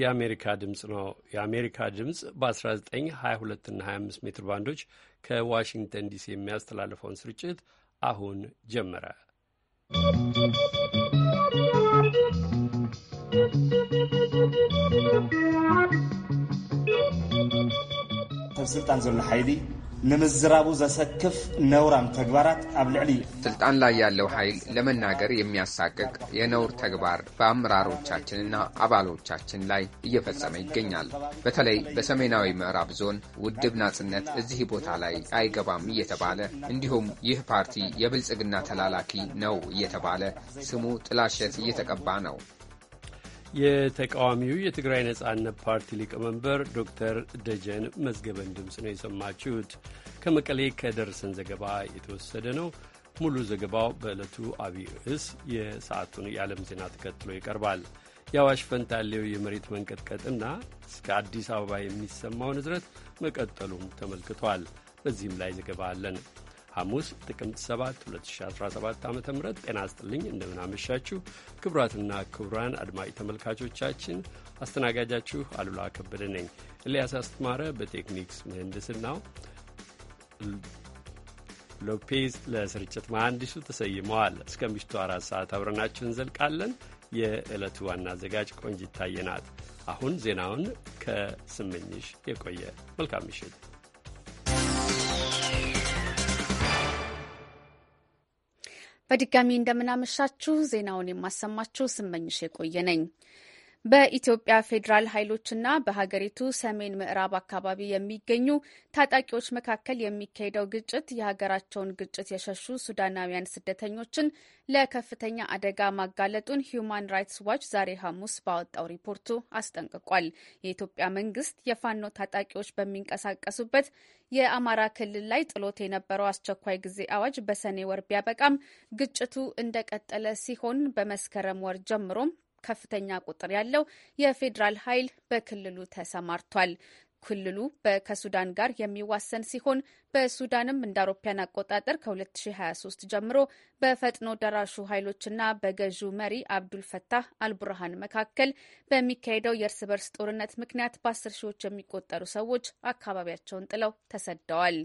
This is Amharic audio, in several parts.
የአሜሪካ ድምፅ ነው። የአሜሪካ ድምፅ በ1922 እና 25 ሜትር ባንዶች ከዋሽንግተን ዲሲ የሚያስተላልፈውን ስርጭት አሁን ጀመረ። ስልጣን ዘሎ ሓይሊ ንምዝራቡ ዘሰክፍ ነውራም ተግባራት ኣብ ልዕሊ ስልጣን ላይ ያለው ኃይል ለመናገር የሚያሳቅቅ የነውር ተግባር በአመራሮቻችንና አባሎቻችን ላይ እየፈጸመ ይገኛል። በተለይ በሰሜናዊ ምዕራብ ዞን ውድብ ናጽነት እዚህ ቦታ ላይ አይገባም እየተባለ እንዲሁም ይህ ፓርቲ የብልጽግና ተላላኪ ነው እየተባለ ስሙ ጥላሸት እየተቀባ ነው። የተቃዋሚው የትግራይ ነጻነት ፓርቲ ሊቀመንበር ዶክተር ደጀን መዝገበን ድምፅ ነው የሰማችሁት። ከመቀሌ ከደረሰን ዘገባ የተወሰደ ነው። ሙሉ ዘገባው በዕለቱ አብይ ርዕስ የሰዓቱን የዓለም ዜና ተከትሎ ይቀርባል። የአዋሽ ያለው የመሬት መንቀጥቀጥና እስከ አዲስ አበባ የሚሰማው ንዝረት መቀጠሉም ተመልክቷል። በዚህም ላይ ዘገባ አለን። ሐሙስ ጥቅምት 7 2017 ዓ ም ጤና ስጥልኝ። እንደምናመሻችሁ ክቡራትና ክቡራን አድማጭ ተመልካቾቻችን አስተናጋጃችሁ አሉላ ከበደ ነኝ። ኤልያስ አስተማረ በቴክኒክስ ምህንድስናው፣ ሎፔዝ ለስርጭት መሐንዲሱ ተሰይመዋል። እስከ ምሽቱ አራት ሰዓት አብረናችሁ እንዘልቃለን። የዕለቱ ዋና አዘጋጅ ቆንጅ ይታየናት አሁን ዜናውን ከስምኝሽ የቆየ መልካም ምሽት በድጋሚ እንደምናመሻችሁ ዜናውን የማሰማችሁ ስመኝሽ የቆየ ነኝ። በኢትዮጵያ ፌዴራል ኃይሎችና በሀገሪቱ ሰሜን ምዕራብ አካባቢ የሚገኙ ታጣቂዎች መካከል የሚካሄደው ግጭት የሀገራቸውን ግጭት የሸሹ ሱዳናውያን ስደተኞችን ለከፍተኛ አደጋ ማጋለጡን ሂዩማን ራይትስ ዋች ዛሬ ሐሙስ ባወጣው ሪፖርቱ አስጠንቅቋል። የኢትዮጵያ መንግስት የፋኖ ታጣቂዎች በሚንቀሳቀሱበት የአማራ ክልል ላይ ጥሎት የነበረው አስቸኳይ ጊዜ አዋጅ በሰኔ ወር ቢያበቃም ግጭቱ እንደቀጠለ ሲሆን በመስከረም ወር ጀምሮም ከፍተኛ ቁጥር ያለው የፌዴራል ኃይል በክልሉ ተሰማርቷል። ክልሉ ከሱዳን ጋር የሚዋሰን ሲሆን በሱዳንም እንደ አውሮፓያን አቆጣጠር ከ2023 ጀምሮ በፈጥኖ ደራሹ ኃይሎችና በገዢው መሪ አብዱልፈታህ አልቡርሃን መካከል በሚካሄደው የእርስ በርስ ጦርነት ምክንያት በአስር ሺዎች የሚቆጠሩ ሰዎች አካባቢያቸውን ጥለው ተሰደዋል።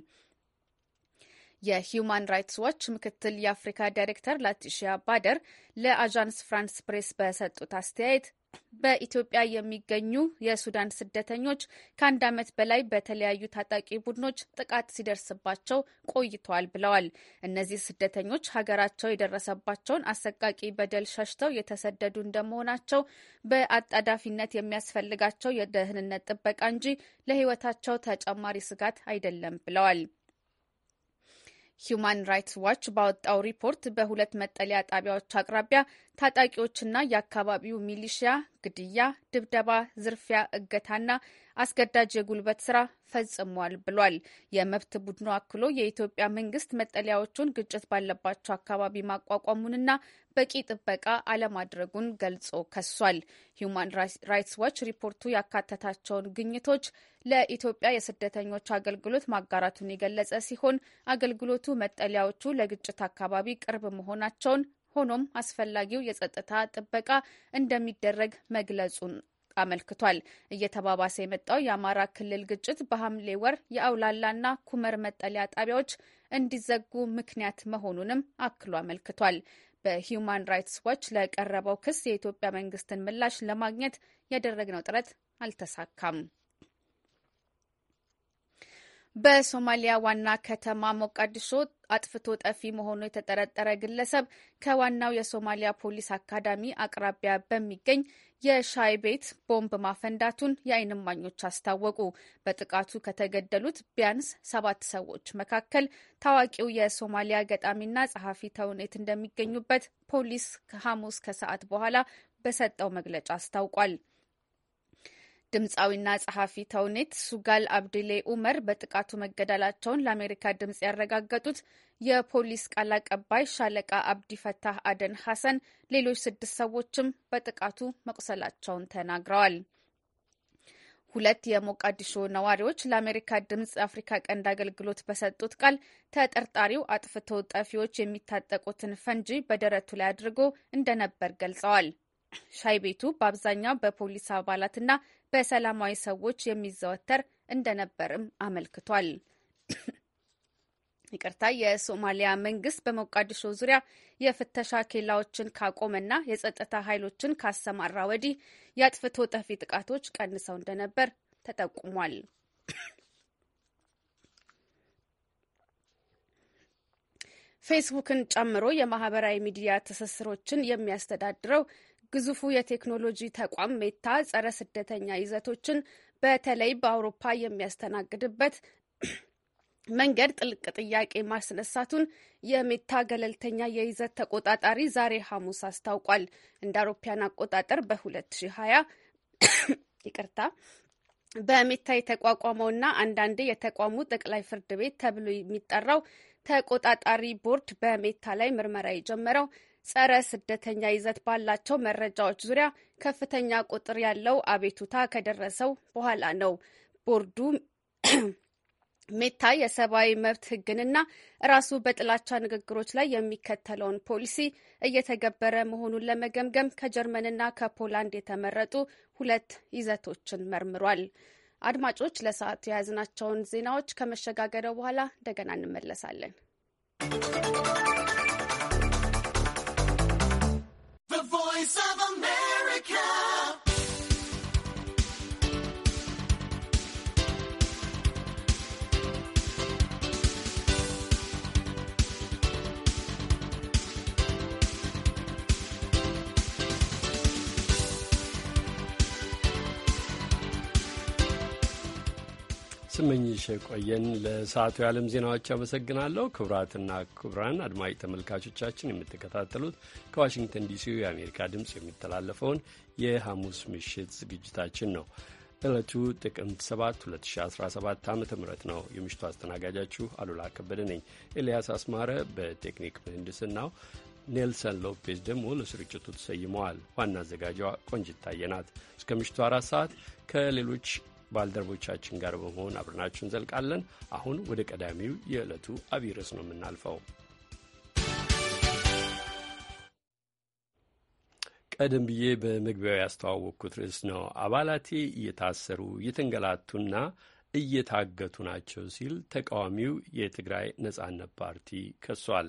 የሂዩማን ራይትስ ዋች ምክትል የአፍሪካ ዳይሬክተር ላቲሺያ ባደር ለአዣንስ ፍራንስ ፕሬስ በሰጡት አስተያየት በኢትዮጵያ የሚገኙ የሱዳን ስደተኞች ከአንድ ዓመት በላይ በተለያዩ ታጣቂ ቡድኖች ጥቃት ሲደርስባቸው ቆይተዋል ብለዋል። እነዚህ ስደተኞች ሀገራቸው የደረሰባቸውን አሰቃቂ በደል ሸሽተው የተሰደዱ እንደመሆናቸው በአጣዳፊነት የሚያስፈልጋቸው የደህንነት ጥበቃ እንጂ ለሕይወታቸው ተጨማሪ ስጋት አይደለም ብለዋል። ሂዩማን ራይትስ ዋች ባወጣው ሪፖርት በሁለት መጠለያ ጣቢያዎች አቅራቢያ ታጣቂዎችና የአካባቢው ሚሊሺያ ግድያ፣ ድብደባ፣ ዝርፊያ፣ እገታና አስገዳጅ የጉልበት ስራ ፈጽሟል ብሏል። የመብት ቡድኑ አክሎ የኢትዮጵያ መንግስት መጠለያዎቹን ግጭት ባለባቸው አካባቢ ማቋቋሙንና በቂ ጥበቃ አለማድረጉን ገልጾ ከሷል። ሂዩማን ራይትስ ዋች ሪፖርቱ ያካተታቸውን ግኝቶች ለኢትዮጵያ የስደተኞች አገልግሎት ማጋራቱን የገለጸ ሲሆን አገልግሎቱ መጠለያዎቹ ለግጭት አካባቢ ቅርብ መሆናቸውን ሆኖም አስፈላጊው የጸጥታ ጥበቃ እንደሚደረግ መግለጹን አመልክቷል። እየተባባሰ የመጣው የአማራ ክልል ግጭት በሐምሌ ወር የአውላላና ኩመር መጠለያ ጣቢያዎች እንዲዘጉ ምክንያት መሆኑንም አክሎ አመልክቷል። በሂዩማን ራይትስ ዋች ለቀረበው ክስ የኢትዮጵያ መንግስትን ምላሽ ለማግኘት ያደረግነው ጥረት አልተሳካም። በሶማሊያ ዋና ከተማ ሞቃዲሾ አጥፍቶ ጠፊ መሆኑ የተጠረጠረ ግለሰብ ከዋናው የሶማሊያ ፖሊስ አካዳሚ አቅራቢያ በሚገኝ የሻይ ቤት ቦምብ ማፈንዳቱን የዓይን እማኞች አስታወቁ። በጥቃቱ ከተገደሉት ቢያንስ ሰባት ሰዎች መካከል ታዋቂው የሶማሊያ ገጣሚና ጸሐፊ ተውኔት እንደሚገኙበት ፖሊስ ከሐሙስ ከሰዓት በኋላ በሰጠው መግለጫ አስታውቋል። ድምፃዊና ጸሐፊ ተውኔት ሱጋል አብዲሌ ኡመር በጥቃቱ መገደላቸውን ለአሜሪካ ድምፅ ያረጋገጡት የፖሊስ ቃል አቀባይ ሻለቃ አብዲ ፈታህ አደን ሐሰን ሌሎች ስድስት ሰዎችም በጥቃቱ መቁሰላቸውን ተናግረዋል። ሁለት የሞቃዲሾ ነዋሪዎች ለአሜሪካ ድምፅ አፍሪካ ቀንድ አገልግሎት በሰጡት ቃል ተጠርጣሪው አጥፍቶ ጠፊዎች የሚታጠቁትን ፈንጂ በደረቱ ላይ አድርጎ እንደነበር ገልጸዋል። ሻይ ቤቱ በአብዛኛው በፖሊስ አባላትና በሰላማዊ ሰዎች የሚዘወተር እንደነበርም አመልክቷል። ይቅርታ የሶማሊያ መንግስት በሞቃዲሾ ዙሪያ የፍተሻ ኬላዎችን ካቆመና የጸጥታ ኃይሎችን ካሰማራ ወዲህ የአጥፍቶ ጠፊ ጥቃቶች ቀንሰው እንደነበር ተጠቁሟል። ፌስቡክን ጨምሮ የማህበራዊ ሚዲያ ትስስሮችን የሚያስተዳድረው ግዙፉ የቴክኖሎጂ ተቋም ሜታ ጸረ ስደተኛ ይዘቶችን በተለይ በአውሮፓ የሚያስተናግድበት መንገድ ጥልቅ ጥያቄ ማስነሳቱን የሜታ ገለልተኛ የይዘት ተቆጣጣሪ ዛሬ ሐሙስ አስታውቋል። እንደ አውሮፓያን አቆጣጠር በ2020 ይቅርታ በሜታ የተቋቋመውና አንዳንዴ የተቋሙ ጠቅላይ ፍርድ ቤት ተብሎ የሚጠራው ተቆጣጣሪ ቦርድ በሜታ ላይ ምርመራ የጀመረው ጸረ ስደተኛ ይዘት ባላቸው መረጃዎች ዙሪያ ከፍተኛ ቁጥር ያለው አቤቱታ ከደረሰው በኋላ ነው ቦርዱ ሜታ የሰብአዊ መብት ሕግንና ራሱ በጥላቻ ንግግሮች ላይ የሚከተለውን ፖሊሲ እየተገበረ መሆኑን ለመገምገም ከጀርመንና ከፖላንድ የተመረጡ ሁለት ይዘቶችን መርምሯል። አድማጮች፣ ለሰዓቱ የያዝናቸውን ዜናዎች ከመሸጋገረው በኋላ እንደገና እንመለሳለን። Voice of America. ስመኝሽ ቆየን ለሰዓቱ የዓለም ዜናዎች አመሰግናለሁ። ክቡራትና ክቡራን አድማጭ ተመልካቾቻችን የምትከታተሉት ከዋሽንግተን ዲሲ የአሜሪካ ድምፅ የሚተላለፈውን የሐሙስ ምሽት ዝግጅታችን ነው። ዕለቱ ጥቅምት 7 2017 ዓ ም ነው። የምሽቱ አስተናጋጃችሁ አሉላ ከበደ ነኝ። ኤልያስ አስማረ በቴክኒክ ምህንድስናው፣ ኔልሰን ሎፔዝ ደግሞ ለስርጭቱ ተሰይመዋል። ዋና አዘጋጇ ቆንጅት ታየናት እስከ ምሽቱ አራት ሰዓት ከሌሎች ባልደረቦቻችን ጋር በመሆን አብረናችሁ እንዘልቃለን። አሁን ወደ ቀዳሚው የዕለቱ አብይ ርዕስ ነው የምናልፈው። ቀደም ብዬ በመግቢያው ያስተዋወቅኩት ርዕስ ነው። አባላቴ እየታሰሩ እየተንገላቱና እየታገቱ ናቸው ሲል ተቃዋሚው የትግራይ ነጻነት ፓርቲ ከሷል።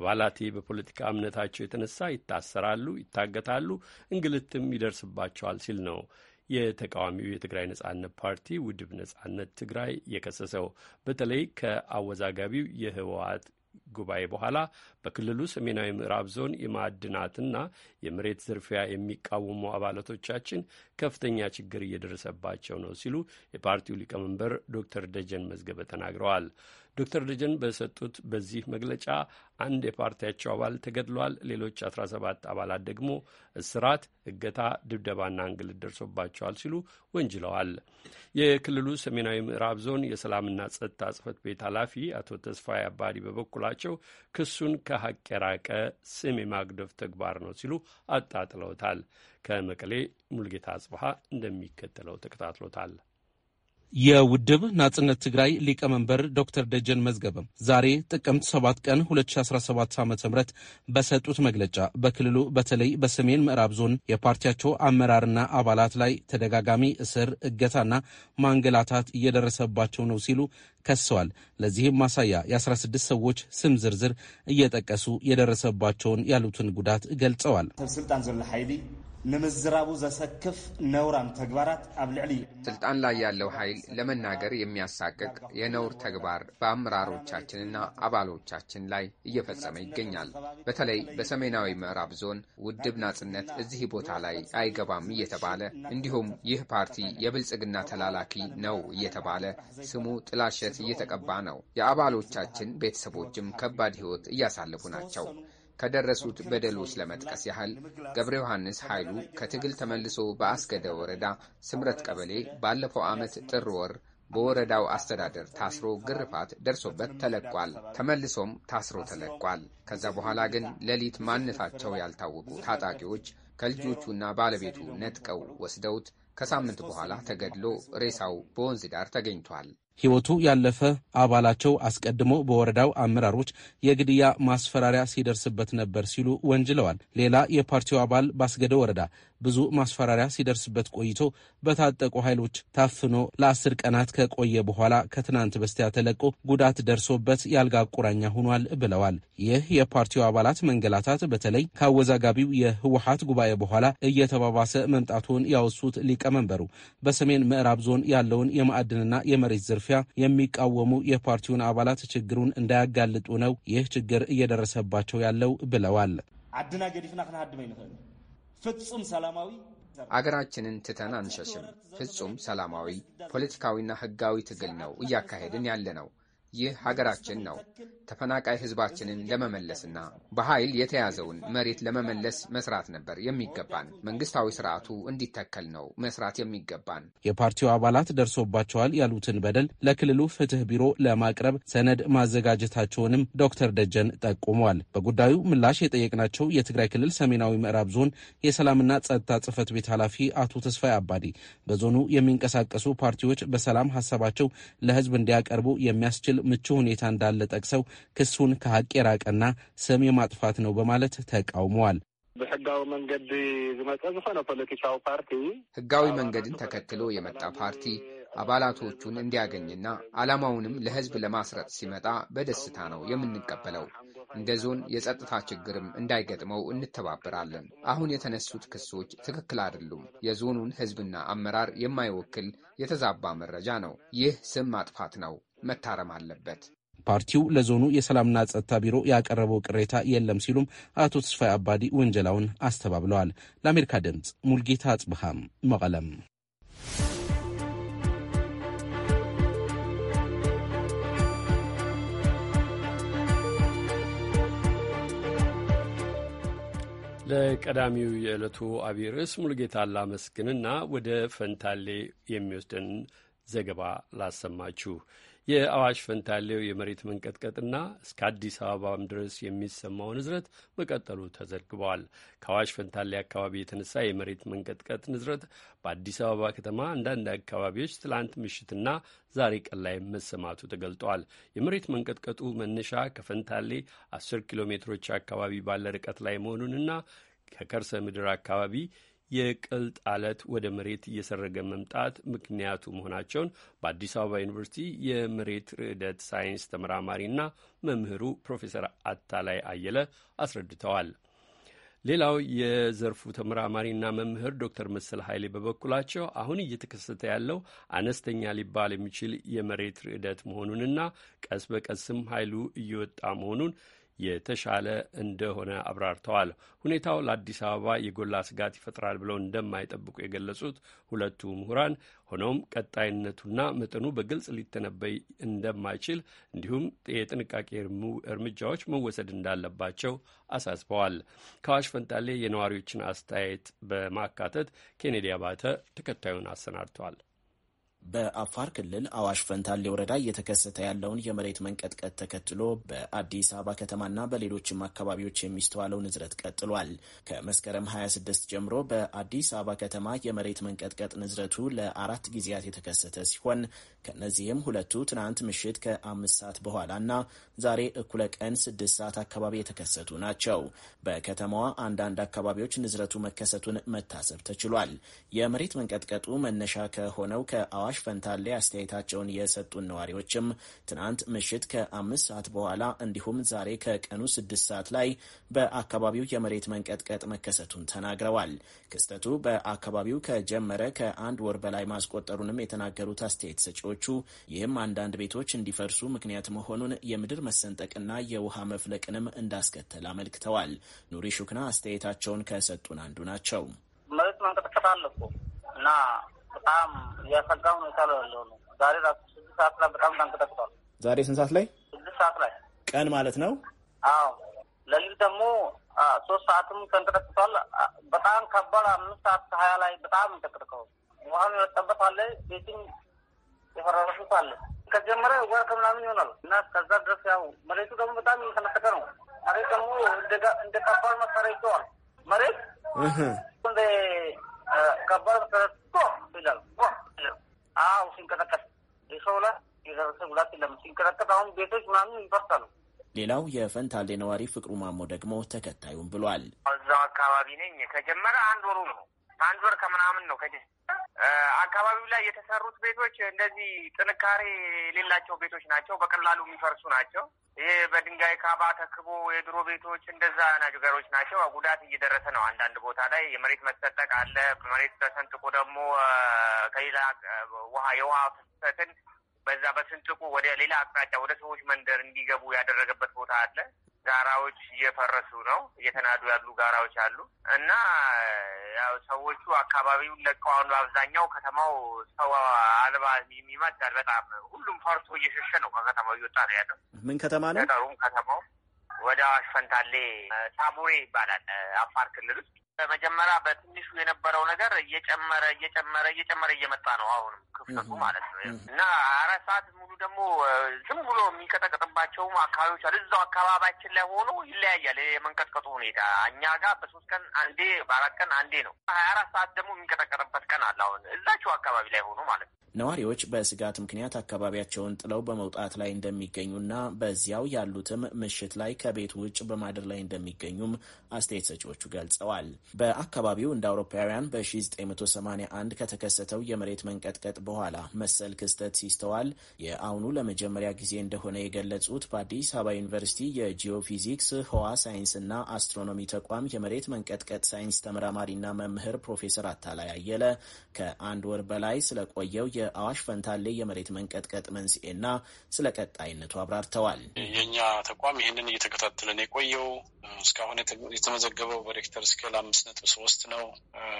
አባላቴ በፖለቲካ እምነታቸው የተነሳ ይታሰራሉ፣ ይታገታሉ፣ እንግልትም ይደርስባቸዋል ሲል ነው የተቃዋሚው የትግራይ ነጻነት ፓርቲ ውድብ ነጻነት ትግራይ የከሰሰው በተለይ ከአወዛጋቢው የህወሓት ጉባኤ በኋላ በክልሉ ሰሜናዊ ምዕራብ ዞን የማዕድናትና የመሬት ዝርፊያ የሚቃወሙ አባላቶቻችን ከፍተኛ ችግር እየደረሰባቸው ነው ሲሉ የፓርቲው ሊቀመንበር ዶክተር ደጀን መዝገበ ተናግረዋል። ዶክተር ደጀን በሰጡት በዚህ መግለጫ አንድ የፓርቲያቸው አባል ተገድሏል፣ ሌሎች 17 አባላት ደግሞ እስራት፣ እገታ፣ ድብደባና እንግልት ደርሶባቸዋል ሲሉ ወንጅለዋል። የክልሉ ሰሜናዊ ምዕራብ ዞን የሰላምና ጸጥታ ጽህፈት ቤት ኃላፊ አቶ ተስፋዬ አባዲ በበኩላቸው ክሱን ከሀቅ የራቀ ስም የማግደፍ ተግባር ነው ሲሉ አጣጥለውታል። ከመቀሌ ሙልጌታ አጽብሃ እንደሚከተለው ተከታትሎታል። የውድብ ናጽነት ትግራይ ሊቀመንበር ዶክተር ደጀን መዝገበም ዛሬ ጥቅምት 7 ቀን 2017 ዓ ም በሰጡት መግለጫ በክልሉ በተለይ በሰሜን ምዕራብ ዞን የፓርቲያቸው አመራርና አባላት ላይ ተደጋጋሚ እስር፣ እገታና ማንገላታት እየደረሰባቸው ነው ሲሉ ከሰዋል። ለዚህም ማሳያ የ16 ሰዎች ስም ዝርዝር እየጠቀሱ የደረሰባቸውን ያሉትን ጉዳት ገልጸዋል። ንምዝራቡ ዘሰክፍ ነውራን ተግባራት ኣብ ልዕሊ ስልጣን ላይ ያለው ኃይል ለመናገር የሚያሳቅቅ የነውር ተግባር በአመራሮቻችንና አባሎቻችን ላይ እየፈጸመ ይገኛል። በተለይ በሰሜናዊ ምዕራብ ዞን ውድብ ናጽነት እዚህ ቦታ ላይ አይገባም እየተባለ እንዲሁም ይህ ፓርቲ የብልጽግና ተላላኪ ነው እየተባለ ስሙ ጥላሸት እየተቀባ ነው። የአባሎቻችን ቤተሰቦችም ከባድ ሕይወት እያሳለፉ ናቸው። ከደረሱት በደሎች ለመጥቀስ ያህል ገብረ ዮሐንስ ኃይሉ ከትግል ተመልሶ በአስገደ ወረዳ ስምረት ቀበሌ ባለፈው ዓመት ጥር ወር በወረዳው አስተዳደር ታስሮ ግርፋት ደርሶበት ተለቋል። ተመልሶም ታስሮ ተለቋል። ከዛ በኋላ ግን ሌሊት ማንነታቸው ያልታወቁ ታጣቂዎች ከልጆቹና ባለቤቱ ነጥቀው ወስደውት ከሳምንት በኋላ ተገድሎ ሬሳው በወንዝ ዳር ተገኝቷል። ሕይወቱ ያለፈ አባላቸው አስቀድሞ በወረዳው አመራሮች የግድያ ማስፈራሪያ ሲደርስበት ነበር ሲሉ ወንጅለዋል። ሌላ የፓርቲው አባል ባስገደ ወረዳ ብዙ ማስፈራሪያ ሲደርስበት ቆይቶ በታጠቁ ኃይሎች ታፍኖ ለአስር ቀናት ከቆየ በኋላ ከትናንት በስቲያ ተለቆ ጉዳት ደርሶበት የአልጋ ቁራኛ ሆኗል ብለዋል። ይህ የፓርቲው አባላት መንገላታት በተለይ ከአወዛጋቢው የህወሀት ጉባኤ በኋላ እየተባባሰ መምጣቱን ያወሱት ሊቀመንበሩ በሰሜን ምዕራብ ዞን ያለውን የማዕድንና የመሬት ዝርፍ ዝርፊያ የሚቃወሙ የፓርቲውን አባላት ችግሩን እንዳያጋልጡ ነው ይህ ችግር እየደረሰባቸው ያለው ብለዋል። አድና ገዲፍና ክነሃድመ ፍጹም ሰላማዊ አገራችንን ትተን አንሸሽም። ፍጹም ሰላማዊ ፖለቲካዊና ሕጋዊ ትግል ነው እያካሄድን ያለ ነው። ይህ ሀገራችን ነው። ተፈናቃይ ህዝባችንን ለመመለስና በኃይል የተያዘውን መሬት ለመመለስ መስራት ነበር የሚገባን። መንግስታዊ ስርዓቱ እንዲተከል ነው መስራት የሚገባን። የፓርቲው አባላት ደርሶባቸዋል ያሉትን በደል ለክልሉ ፍትህ ቢሮ ለማቅረብ ሰነድ ማዘጋጀታቸውንም ዶክተር ደጀን ጠቁመዋል። በጉዳዩ ምላሽ የጠየቅናቸው የትግራይ ክልል ሰሜናዊ ምዕራብ ዞን የሰላምና ጸጥታ ጽህፈት ቤት ኃላፊ አቶ ተስፋይ አባዲ በዞኑ የሚንቀሳቀሱ ፓርቲዎች በሰላም ሀሳባቸው ለህዝብ እንዲያቀርቡ የሚያስችል ምቹ ሁኔታ እንዳለ ጠቅሰው ክሱን ከሀቅ የራቀና ስም የማጥፋት ነው በማለት ተቃውመዋል። ብሕጋዊ መንገድ ዝመጠ ዝኾነ ፖለቲካዊ ፓርቲ ህጋዊ መንገድን ተከትሎ የመጣ ፓርቲ አባላቶቹን እንዲያገኝና ዓላማውንም ለህዝብ ለማስረጥ ሲመጣ በደስታ ነው የምንቀበለው። እንደ ዞን የጸጥታ ችግርም እንዳይገጥመው እንተባበራለን። አሁን የተነሱት ክሶች ትክክል አይደሉም። የዞኑን ህዝብና አመራር የማይወክል የተዛባ መረጃ ነው። ይህ ስም ማጥፋት ነው። መታረም አለበት። ፓርቲው ለዞኑ የሰላምና ጸጥታ ቢሮ ያቀረበው ቅሬታ የለም ሲሉም አቶ ተስፋይ አባዲ ወንጀላውን አስተባብለዋል። ለአሜሪካ ድምፅ ሙልጌታ አጽብሃም መቀለም። ለቀዳሚው የዕለቱ አብይ ርዕስ ሙልጌታ ላመስግንና ወደ ፈንታሌ የሚወስደን ዘገባ ላሰማችሁ። የአዋሽ ፈንታሌው የመሬት መንቀጥቀጥና እስከ አዲስ አበባም ድረስ የሚሰማው ንዝረት መቀጠሉ ተዘግበዋል። ከአዋሽ ፈንታሌ አካባቢ የተነሳ የመሬት መንቀጥቀጥ ንዝረት በአዲስ አበባ ከተማ አንዳንድ አካባቢዎች ትላንት ምሽትና ዛሬ ቀን ላይ መሰማቱ ተገልጧል። የመሬት መንቀጥቀጡ መነሻ ከፈንታሌ 10 ኪሎ ሜትሮች አካባቢ ባለ ርቀት ላይ መሆኑንና ከከርሰ ምድር አካባቢ የቅልጥ አለት ወደ መሬት እየሰረገ መምጣት ምክንያቱ መሆናቸውን በአዲስ አበባ ዩኒቨርሲቲ የመሬት ርዕደት ሳይንስ ተመራማሪና መምህሩ ፕሮፌሰር አታላይ አየለ አስረድተዋል። ሌላው የዘርፉ ተመራማሪና መምህር ዶክተር መሰል ኃይሌ በበኩላቸው አሁን እየተከሰተ ያለው አነስተኛ ሊባል የሚችል የመሬት ርዕደት መሆኑንና ቀስ በቀስም ኃይሉ እየወጣ መሆኑን የተሻለ እንደሆነ አብራርተዋል። ሁኔታው ለአዲስ አበባ የጎላ ስጋት ይፈጥራል ብለው እንደማይጠብቁ የገለጹት ሁለቱ ምሁራን ሆኖም ቀጣይነቱና መጠኑ በግልጽ ሊተነበይ እንደማይችል እንዲሁም የጥንቃቄ እርምጃዎች መወሰድ እንዳለባቸው አሳስበዋል። ከአዋሽ ፈንታሌ የነዋሪዎችን አስተያየት በማካተት ኬኔዲ አባተ ተከታዩን አሰናድተዋል። በአፋር ክልል አዋሽ ፈንታሌ ወረዳ እየተከሰተ ያለውን የመሬት መንቀጥቀጥ ተከትሎ በአዲስ አበባ ከተማና በሌሎችም አካባቢዎች የሚስተዋለው ንዝረት ቀጥሏል። ከመስከረም 26 ጀምሮ በአዲስ አበባ ከተማ የመሬት መንቀጥቀጥ ንዝረቱ ለአራት ጊዜያት የተከሰተ ሲሆን ከእነዚህም ሁለቱ ትናንት ምሽት ከአምስት ሰዓት በኋላና ዛሬ እኩለ ቀን ስድስት ሰዓት አካባቢ የተከሰቱ ናቸው። በከተማዋ አንዳንድ አካባቢዎች ንዝረቱ መከሰቱን መታሰብ ተችሏል። የመሬት መንቀጥቀጡ መነሻ ከሆነው ከአዋሽ ፈንታሌ አስተያየታቸውን የሰጡን ነዋሪዎችም ትናንት ምሽት ከአምስት ሰዓት በኋላ እንዲሁም ዛሬ ከቀኑ ስድስት ሰዓት ላይ በአካባቢው የመሬት መንቀጥቀጥ መከሰቱን ተናግረዋል። ክስተቱ በአካባቢው ከጀመረ ከአንድ ወር በላይ ማስቆጠሩንም የተናገሩት አስተያየት ሰጪዎች ነዋሪዎቹ ይህም አንዳንድ ቤቶች እንዲፈርሱ ምክንያት መሆኑን የምድር መሰንጠቅና የውሃ መፍለቅንም እንዳስከተል አመልክተዋል። ኑሪ ሹክና አስተያየታቸውን ከሰጡን አንዱ ናቸው። መሬት መንቀጥቀጥ አለ እኮ እና በጣም እያሰጋው ነው የቻለ ያለው ነው። ዛሬ ራሱ ስድስት ሰዓት ላይ በጣም ተንቀጠቅጧል። ዛሬ ስንት ሰዓት ላይ? ስድስት ሰዓት ላይ ቀን ማለት ነው። አዎ ለሊት ደግሞ ሶስት ሰዓትም ተንቀጠቅጧል። በጣም ከባድ አምስት ሰዓት ከሀያ ላይ በጣም ተንቀጠቀው ውሃም የወጣበት አለ ቤትም የፈራረሱት አለ ከጀመረ ወር ከምናምን ይሆናል እና ከዛ ድረስ ያው መሬቱ ደግሞ በጣም የተነጠቀ ነው። መሬት ደግሞ እንደ ከባድ መሳሪያ ይዘዋል። መሬት እንደ ከባድ መሳሪያ ይላል። አዎ ሲንቀጠቀጥ የሰው ላይ የደረሰ ጉዳት የለም። ሲንቀጠቀጥ አሁን ቤቶች ምናምን ይፈርሳሉ። ሌላው የፈንታሌ ነዋሪ ፍቅሩ ማሞ ደግሞ ተከታዩም ብሏል። እዛው አካባቢ ነኝ። ከጀመረ አንድ ወሩ ነው። አንድ ወር ከምናምን ነው ከጀመረ አካባቢው ላይ የተሰሩት ቤቶች እንደዚህ ጥንካሬ የሌላቸው ቤቶች ናቸው። በቀላሉ የሚፈርሱ ናቸው። ይሄ በድንጋይ ካባ ተክቦ የድሮ ቤቶች እንደዛ ነገሮች ናቸው። ጉዳት እየደረሰ ነው። አንዳንድ ቦታ ላይ የመሬት መሰጠቅ አለ። መሬት ተሰንጥቆ ደግሞ ከሌላ ውሃ የውሃ ፍሰትን በዛ በስንጥቁ ወደ ሌላ አቅጣጫ ወደ ሰዎች መንደር እንዲገቡ ያደረገበት ቦታ አለ። ጋራዎች እየፈረሱ ነው። እየተናዱ ያሉ ጋራዎች አሉ እና ያው ሰዎቹ አካባቢውን ለቀው አሁን በአብዛኛው ከተማው ሰው አልባ የሚመስል በጣም ሁሉም ፈርቶ እየሸሸ ነው። ከከተማው እየወጣ ነው ያለው። ምን ከተማ ነው? ገጠሩም ከተማው ወደ አዋሽ ፈንታሌ ሳሙሬ ይባላል አፋር ክልል ውስጥ በመጀመሪያ በትንሹ የነበረው ነገር እየጨመረ እየጨመረ እየጨመረ እየመጣ ነው። አሁንም ክፍተቱ ማለት ነው እና አራት ሰዓት ሙሉ ደግሞ ዝም ብሎ የሚንቀጠቀጥባቸውም አካባቢዎች አሉ። እዛው አካባቢያችን ላይ ሆኖ ይለያያል የመንቀጥቀጡ ሁኔታ። እኛ ጋር በሶስት ቀን አንዴ፣ በአራት ቀን አንዴ ነው። ሀያ አራት ሰዓት ደግሞ የሚንቀጠቀጥበት ቀን አለ። አሁን እዛቸው አካባቢ ላይ ሆኖ ማለት ነው። ነዋሪዎች በስጋት ምክንያት አካባቢያቸውን ጥለው በመውጣት ላይ እንደሚገኙና በዚያው ያሉትም ምሽት ላይ ከቤት ውጭ በማደር ላይ እንደሚገኙም አስተያየት ሰጪዎቹ ገልጸዋል። በአካባቢው እንደ አውሮፓውያን በ1981 ከተከሰተው የመሬት መንቀጥቀጥ በኋላ መሰል ክስተት ሲስተዋል የአሁኑ ለመጀመሪያ ጊዜ እንደሆነ የገለጹት በአዲስ አበባ ዩኒቨርሲቲ የጂኦፊዚክስ ህዋ ሳይንስና አስትሮኖሚ ተቋም የመሬት መንቀጥቀጥ ሳይንስ ተመራማሪና መምህር ፕሮፌሰር አታላይ አየለ ከአንድ ወር በላይ ስለቆየው የአዋሽ ፈንታሌ የመሬት መንቀጥቀጥ መንስኤና ስለ ቀጣይነቱ አብራርተዋል። የእኛ ተቋም ይህንን እየተከታተለን የቆየው እስካሁን የተመዘገበው በሬክተር ስኬል አምስት ነጥብ ሶስት ነው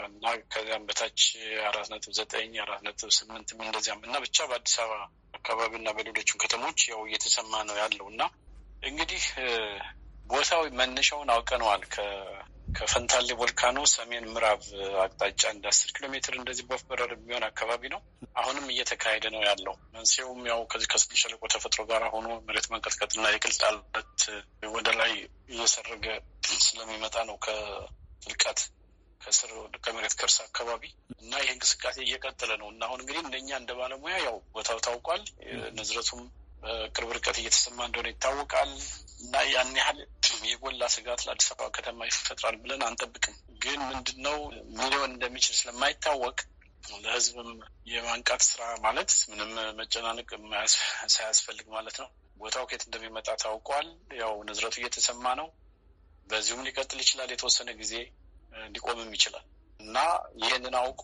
እና ከዚያም በታች አራት ነጥብ ዘጠኝ አራት ነጥብ ስምንት እንደዚያም እና ብቻ በአዲስ አበባ አካባቢ እና በሌሎችም ከተሞች ያው እየተሰማ ነው ያለው እና እንግዲህ ቦታው መነሻውን አውቀነዋል። ከፈንታሌ ቮልካኖ ሰሜን ምዕራብ አቅጣጫ እንደ አስር ኪሎ ሜትር እንደዚህ በወፍ በረር የሚሆን አካባቢ ነው። አሁንም እየተካሄደ ነው ያለው። መንስኤውም ያው ከዚህ ከስምጥ ሸለቆ ተፈጥሮ ጋር ሆኖ መሬት መንቀጥቀጥና የቅልጥ አለት ወደ ላይ እየሰረገ ስለሚመጣ ነው ከጥልቀት ከስር ከመሬት ከርስ አካባቢ እና ይህ እንቅስቃሴ እየቀጠለ ነው እና አሁን እንግዲህ እንደኛ እንደ ባለሙያ ያው ቦታው ታውቋል፣ ንዝረቱም በቅርብ ርቀት እየተሰማ እንደሆነ ይታወቃል እና ያን ያህል የጎላ ስጋት ለአዲስ አበባ ከተማ ይፈጥራል ብለን አንጠብቅም። ግን ምንድን ነው ሚሊዮን እንደሚችል ስለማይታወቅ ለህዝብም የማንቃት ስራ ማለት ምንም መጨናነቅ ሳያስፈልግ ማለት ነው። ቦታው ከየት እንደሚመጣ ታውቋል። ያው ንዝረቱ እየተሰማ ነው። በዚሁም ሊቀጥል ይችላል። የተወሰነ ጊዜ ሊቆምም ይችላል። እና ይህንን አውቆ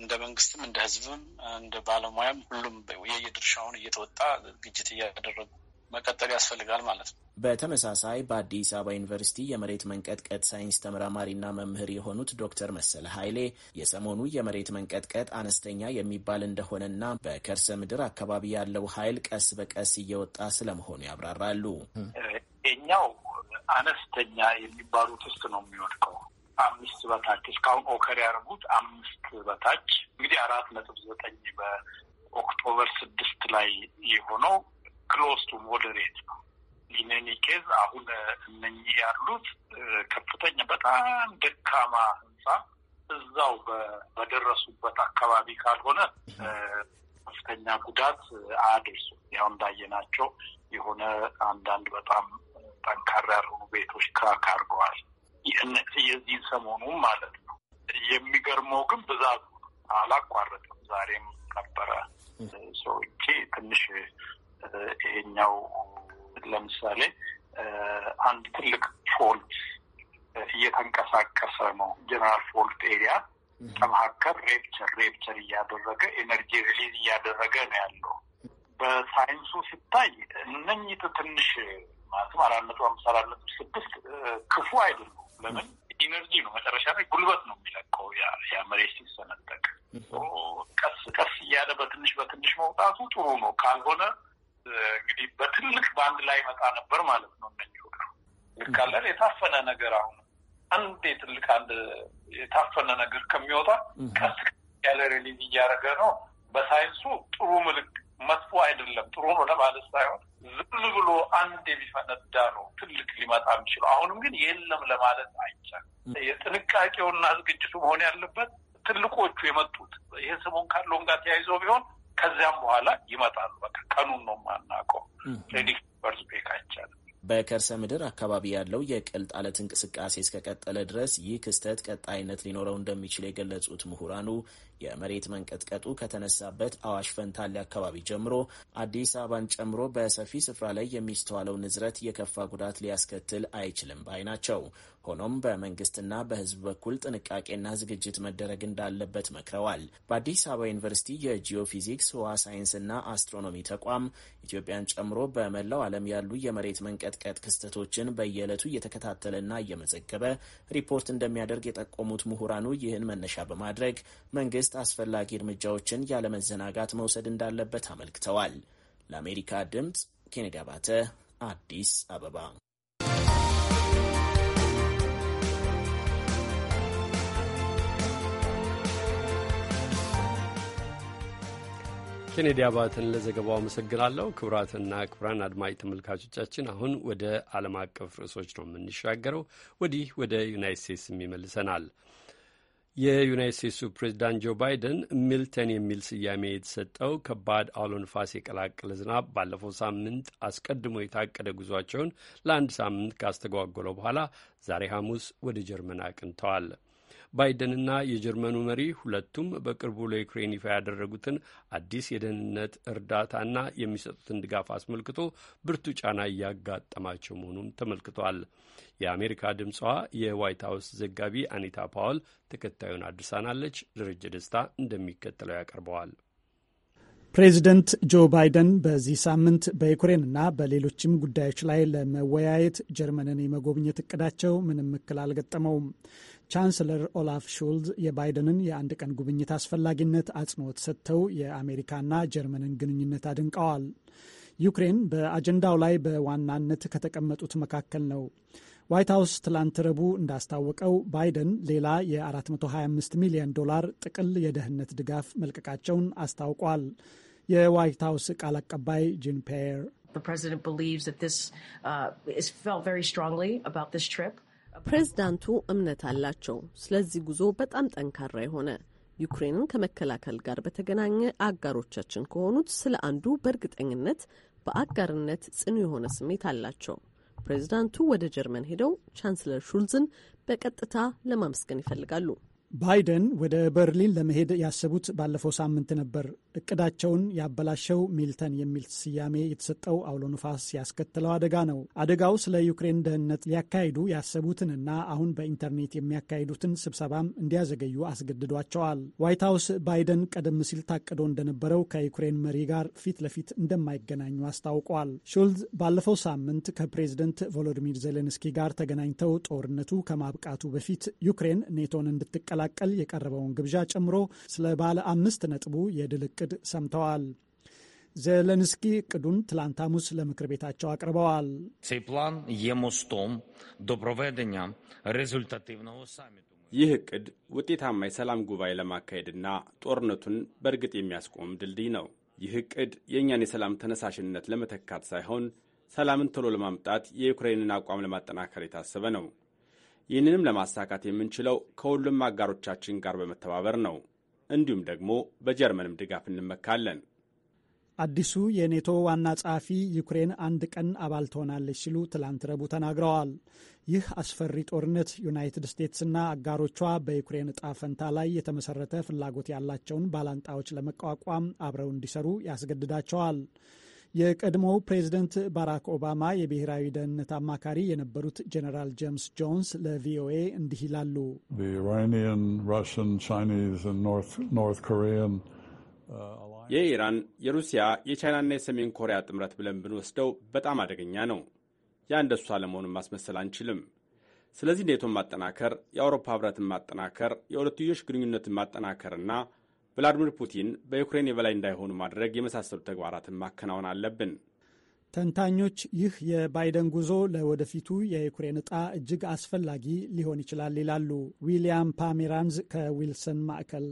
እንደ መንግስትም እንደ ህዝብም እንደ ባለሙያም ሁሉም የየድርሻውን እየተወጣ ዝግጅት እያደረጉ መቀጠል ያስፈልጋል ማለት ነው። በተመሳሳይ በአዲስ አበባ ዩኒቨርሲቲ የመሬት መንቀጥቀጥ ሳይንስ ተመራማሪና መምህር የሆኑት ዶክተር መሰለ ኃይሌ የሰሞኑ የመሬት መንቀጥቀጥ አነስተኛ የሚባል እንደሆነና በከርሰ ምድር አካባቢ ያለው ኃይል ቀስ በቀስ እየወጣ ስለመሆኑ ያብራራሉ። እኛው አነስተኛ የሚባሉት ውስጥ ነው የሚወድቀው አምስት በታች እስካሁን ኦከር ያደርጉት አምስት በታች እንግዲህ አራት ነጥብ ዘጠኝ በኦክቶበር ስድስት ላይ የሆነው ክሎዝ ቱ ሞደሬት ነው። ኢነኒ ኬዝ አሁን እነኚህ ያሉት ከፍተኛ በጣም ደካማ ህንፃ እዛው በደረሱበት አካባቢ ካልሆነ ከፍተኛ ጉዳት አያደርሱም። ያው እንዳየናቸው የሆነ አንዳንድ በጣም ጠንካራ ያልሆኑ ቤቶች ክራክ አድርገዋል። የዚህ ሰሞኑም ማለት ነው። የሚገርመው ግን ብዛቱ አላቋረጥም። ዛሬም ነበረ ሰዎች ትንሽ ይሄኛው ለምሳሌ አንድ ትልቅ ፎልት እየተንቀሳቀሰ ነው። ጀነራል ፎልት ኤሪያ ከመካከል ሬፕቸር ሬፕቸር እያደረገ ኤነርጂ ሪሊዝ እያደረገ ነው ያለው። በሳይንሱ ሲታይ እነኝህ ትንሽ ማለትም አራት ነጥብ አምስት አራት ነጥብ ስድስት ክፉ አይደሉም ለምን ኢነርጂ ነው፣ መጨረሻ ላይ ጉልበት ነው የሚለቀው ያ መሬት ሲሰነጠቅ። ቀስ ቀስ እያለ በትንሽ በትንሽ መውጣቱ ጥሩ ነው። ካልሆነ እንግዲህ በትልቅ በአንድ ላይ መጣ ነበር ማለት ነው። እነ ልካለን የታፈነ ነገር አሁን አንድ የትልቅ አንድ የታፈነ ነገር ከሚወጣ ቀስ ያለ ሬሊዝ እያደረገ ነው። በሳይንሱ ጥሩ ምልክት መጥፎ አይደለም ጥሩ ነው ለማለት ሳይሆን ዝም ብሎ አንድ የሚፈነዳ ነው ትልቅ ሊመጣ የሚችለው። አሁንም ግን የለም ለማለት አይቻልም። የጥንቃቄውና ዝግጅቱ መሆን ያለበት ትልቆቹ የመጡት ይህ ሰሞን ካለውን ጋር ተያይዞ ቢሆን ከዚያም በኋላ ይመጣሉ። በቃ ቀኑን ነው የማናውቀው። ፕሬዲክት በርዝ ቤክ አይቻልም። በከርሰ ምድር አካባቢ ያለው የቅልጥ አለት እንቅስቃሴ እስከቀጠለ ድረስ ይህ ክስተት ቀጣይነት ሊኖረው እንደሚችል የገለጹት ምሁራኑ የመሬት መንቀጥቀጡ ከተነሳበት አዋሽ ፈንታሌ አካባቢ ጀምሮ አዲስ አበባን ጨምሮ በሰፊ ስፍራ ላይ የሚስተዋለው ንዝረት የከፋ ጉዳት ሊያስከትል አይችልም ባይ ናቸው። ሆኖም በመንግስትና በህዝብ በኩል ጥንቃቄና ዝግጅት መደረግ እንዳለበት መክረዋል። በአዲስ አበባ ዩኒቨርሲቲ የጂኦ ፊዚክስ፣ ህዋ ሳይንስና አስትሮኖሚ ተቋም ኢትዮጵያን ጨምሮ በመላው ዓለም ያሉ የመሬት መንቀጥቀጥ ክስተቶችን በየዕለቱ እየተከታተለና እየመዘገበ ሪፖርት እንደሚያደርግ የጠቆሙት ምሁራኑ ይህን መነሻ በማድረግ መንግስት አስፈላጊ እርምጃዎችን ያለመዘናጋት መውሰድ እንዳለበት አመልክተዋል። ለአሜሪካ ድምፅ ኬኔዲ አባተ አዲስ አበባ ኬኔዲ አባትን ለዘገባው አመሰግናለሁ። ክቡራትና ክቡራን አድማጭ ተመልካቾቻችን አሁን ወደ ዓለም አቀፍ ርዕሶች ነው የምንሻገረው። ወዲህ ወደ ዩናይት ስቴትስም ይመልሰናል። የዩናይት ስቴትሱ ፕሬዚዳንት ጆ ባይደን ሚልተን የሚል ስያሜ የተሰጠው ከባድ አውሎ ንፋስ የቀላቀለ ዝናብ ባለፈው ሳምንት አስቀድሞ የታቀደ ጉዟቸውን ለአንድ ሳምንት ካስተጓጎለው በኋላ ዛሬ ሐሙስ ወደ ጀርመን አቅንተዋል። ባይደንና የጀርመኑ መሪ ሁለቱም በቅርቡ ለዩክሬን ይፋ ያደረጉትን አዲስ የደህንነት እርዳታና የሚሰጡትን ድጋፍ አስመልክቶ ብርቱ ጫና እያጋጠማቸው መሆኑን ተመልክቷል። የአሜሪካ ድምጿ የዋይት ሀውስ ዘጋቢ አኒታ ፓወል ተከታዩን አድርሳናለች። ድርጅ ደስታ እንደሚከተለው ያቀርበዋል። ፕሬዚደንት ጆ ባይደን በዚህ ሳምንት በዩክሬንና በሌሎችም ጉዳዮች ላይ ለመወያየት ጀርመንን የመጎብኘት እቅዳቸው ምንም እክል አልገጠመውም። ቻንስለር ኦላፍ ሹልዝ የባይደንን የአንድ ቀን ጉብኝት አስፈላጊነት አጽንኦት ሰጥተው የአሜሪካና ጀርመንን ግንኙነት አድንቀዋል። ዩክሬን በአጀንዳው ላይ በዋናነት ከተቀመጡት መካከል ነው። ዋይት ሀውስ ትላንት ረቡዕ እንዳስታወቀው ባይደን ሌላ የ425 ሚሊዮን ዶላር ጥቅል የደህንነት ድጋፍ መልቀቃቸውን አስታውቋል። የዋይት ሀውስ ቃል አቀባይ ጂን ፔየር ፕሬዝዳንቱ እምነት አላቸው ስለዚህ ጉዞ በጣም ጠንካራ የሆነ ዩክሬንን ከመከላከል ጋር በተገናኘ አጋሮቻችን ከሆኑት ስለ አንዱ በእርግጠኝነት በአጋርነት ጽኑ የሆነ ስሜት አላቸው። ፕሬዝዳንቱ ወደ ጀርመን ሄደው ቻንስለር ሹልዝን በቀጥታ ለማመስገን ይፈልጋሉ። ባይደን ወደ በርሊን ለመሄድ ያሰቡት ባለፈው ሳምንት ነበር። እቅዳቸውን ያበላሸው ሚልተን የሚል ስያሜ የተሰጠው አውሎ ንፋስ ያስከተለው አደጋ ነው። አደጋው ስለ ዩክሬን ደህንነት ሊያካሂዱ ያሰቡትንና አሁን በኢንተርኔት የሚያካሂዱትን ስብሰባም እንዲያዘገዩ አስገድዷቸዋል። ዋይት ሀውስ ባይደን ቀደም ሲል ታቅዶ እንደነበረው ከዩክሬን መሪ ጋር ፊት ለፊት እንደማይገናኙ አስታውቋል። ሹልዝ ባለፈው ሳምንት ከፕሬዝደንት ቮሎዲሚር ዜሌንስኪ ጋር ተገናኝተው ጦርነቱ ከማብቃቱ በፊት ዩክሬን ኔቶን እንድትቀ እንዲቀላቀል የቀረበውን ግብዣ ጨምሮ ስለ ባለ አምስት ነጥቡ የድል እቅድ ሰምተዋል። ዜሌንስኪ እቅዱን ትላንት ሐሙስ ለምክር ቤታቸው አቅርበዋል። ይህ እቅድ ውጤታማ የሰላም ጉባኤ ለማካሄድና ጦርነቱን በእርግጥ የሚያስቆም ድልድይ ነው። ይህ እቅድ የእኛን የሰላም ተነሳሽነት ለመተካት ሳይሆን ሰላምን ቶሎ ለማምጣት የዩክሬንን አቋም ለማጠናከር የታሰበ ነው። ይህንንም ለማሳካት የምንችለው ከሁሉም አጋሮቻችን ጋር በመተባበር ነው። እንዲሁም ደግሞ በጀርመንም ድጋፍ እንመካለን። አዲሱ የኔቶ ዋና ጸሐፊ ዩክሬን አንድ ቀን አባል ትሆናለች ሲሉ ትላንት ረቡዕ ተናግረዋል። ይህ አስፈሪ ጦርነት ዩናይትድ ስቴትስና አጋሮቿ በዩክሬን እጣ ፈንታ ላይ የተመሰረተ ፍላጎት ያላቸውን ባላንጣዎች ለመቋቋም አብረው እንዲሰሩ ያስገድዳቸዋል። የቀድሞው ፕሬዝደንት ባራክ ኦባማ የብሔራዊ ደህንነት አማካሪ የነበሩት ጀነራል ጄምስ ጆንስ ለቪኦኤ እንዲህ ይላሉ። uh, የኢራን፣ የሩሲያ፣ የቻይናና የሰሜን ኮሪያ ጥምረት ብለን ብንወስደው በጣም አደገኛ ነው። ያ አለመሆኑን ማስመሰል አንችልም። ስለዚህ ኔቶን ማጠናከር፣ የአውሮፓ ህብረትን ማጠናከር፣ የሁለትዮሽ ግንኙነትን ማጠናከርና ቭላዲሚር ፑቲን በዩክሬን የበላይ እንዳይሆኑ ማድረግ የመሳሰሉ ተግባራትን ማከናወን አለብን። ተንታኞች ይህ የባይደን ጉዞ ለወደፊቱ የዩክሬን ዕጣ እጅግ አስፈላጊ ሊሆን ይችላል ይላሉ። ዊሊያም ፓሜራንዝ ከዊልሰን ማዕከል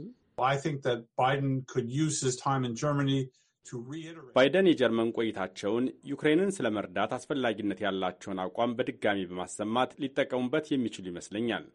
ባይደን የጀርመን ቆይታቸውን ዩክሬንን ስለ መርዳት አስፈላጊነት ያላቸውን አቋም በድጋሚ በማሰማት ሊጠቀሙበት የሚችሉ ይመስለኛል።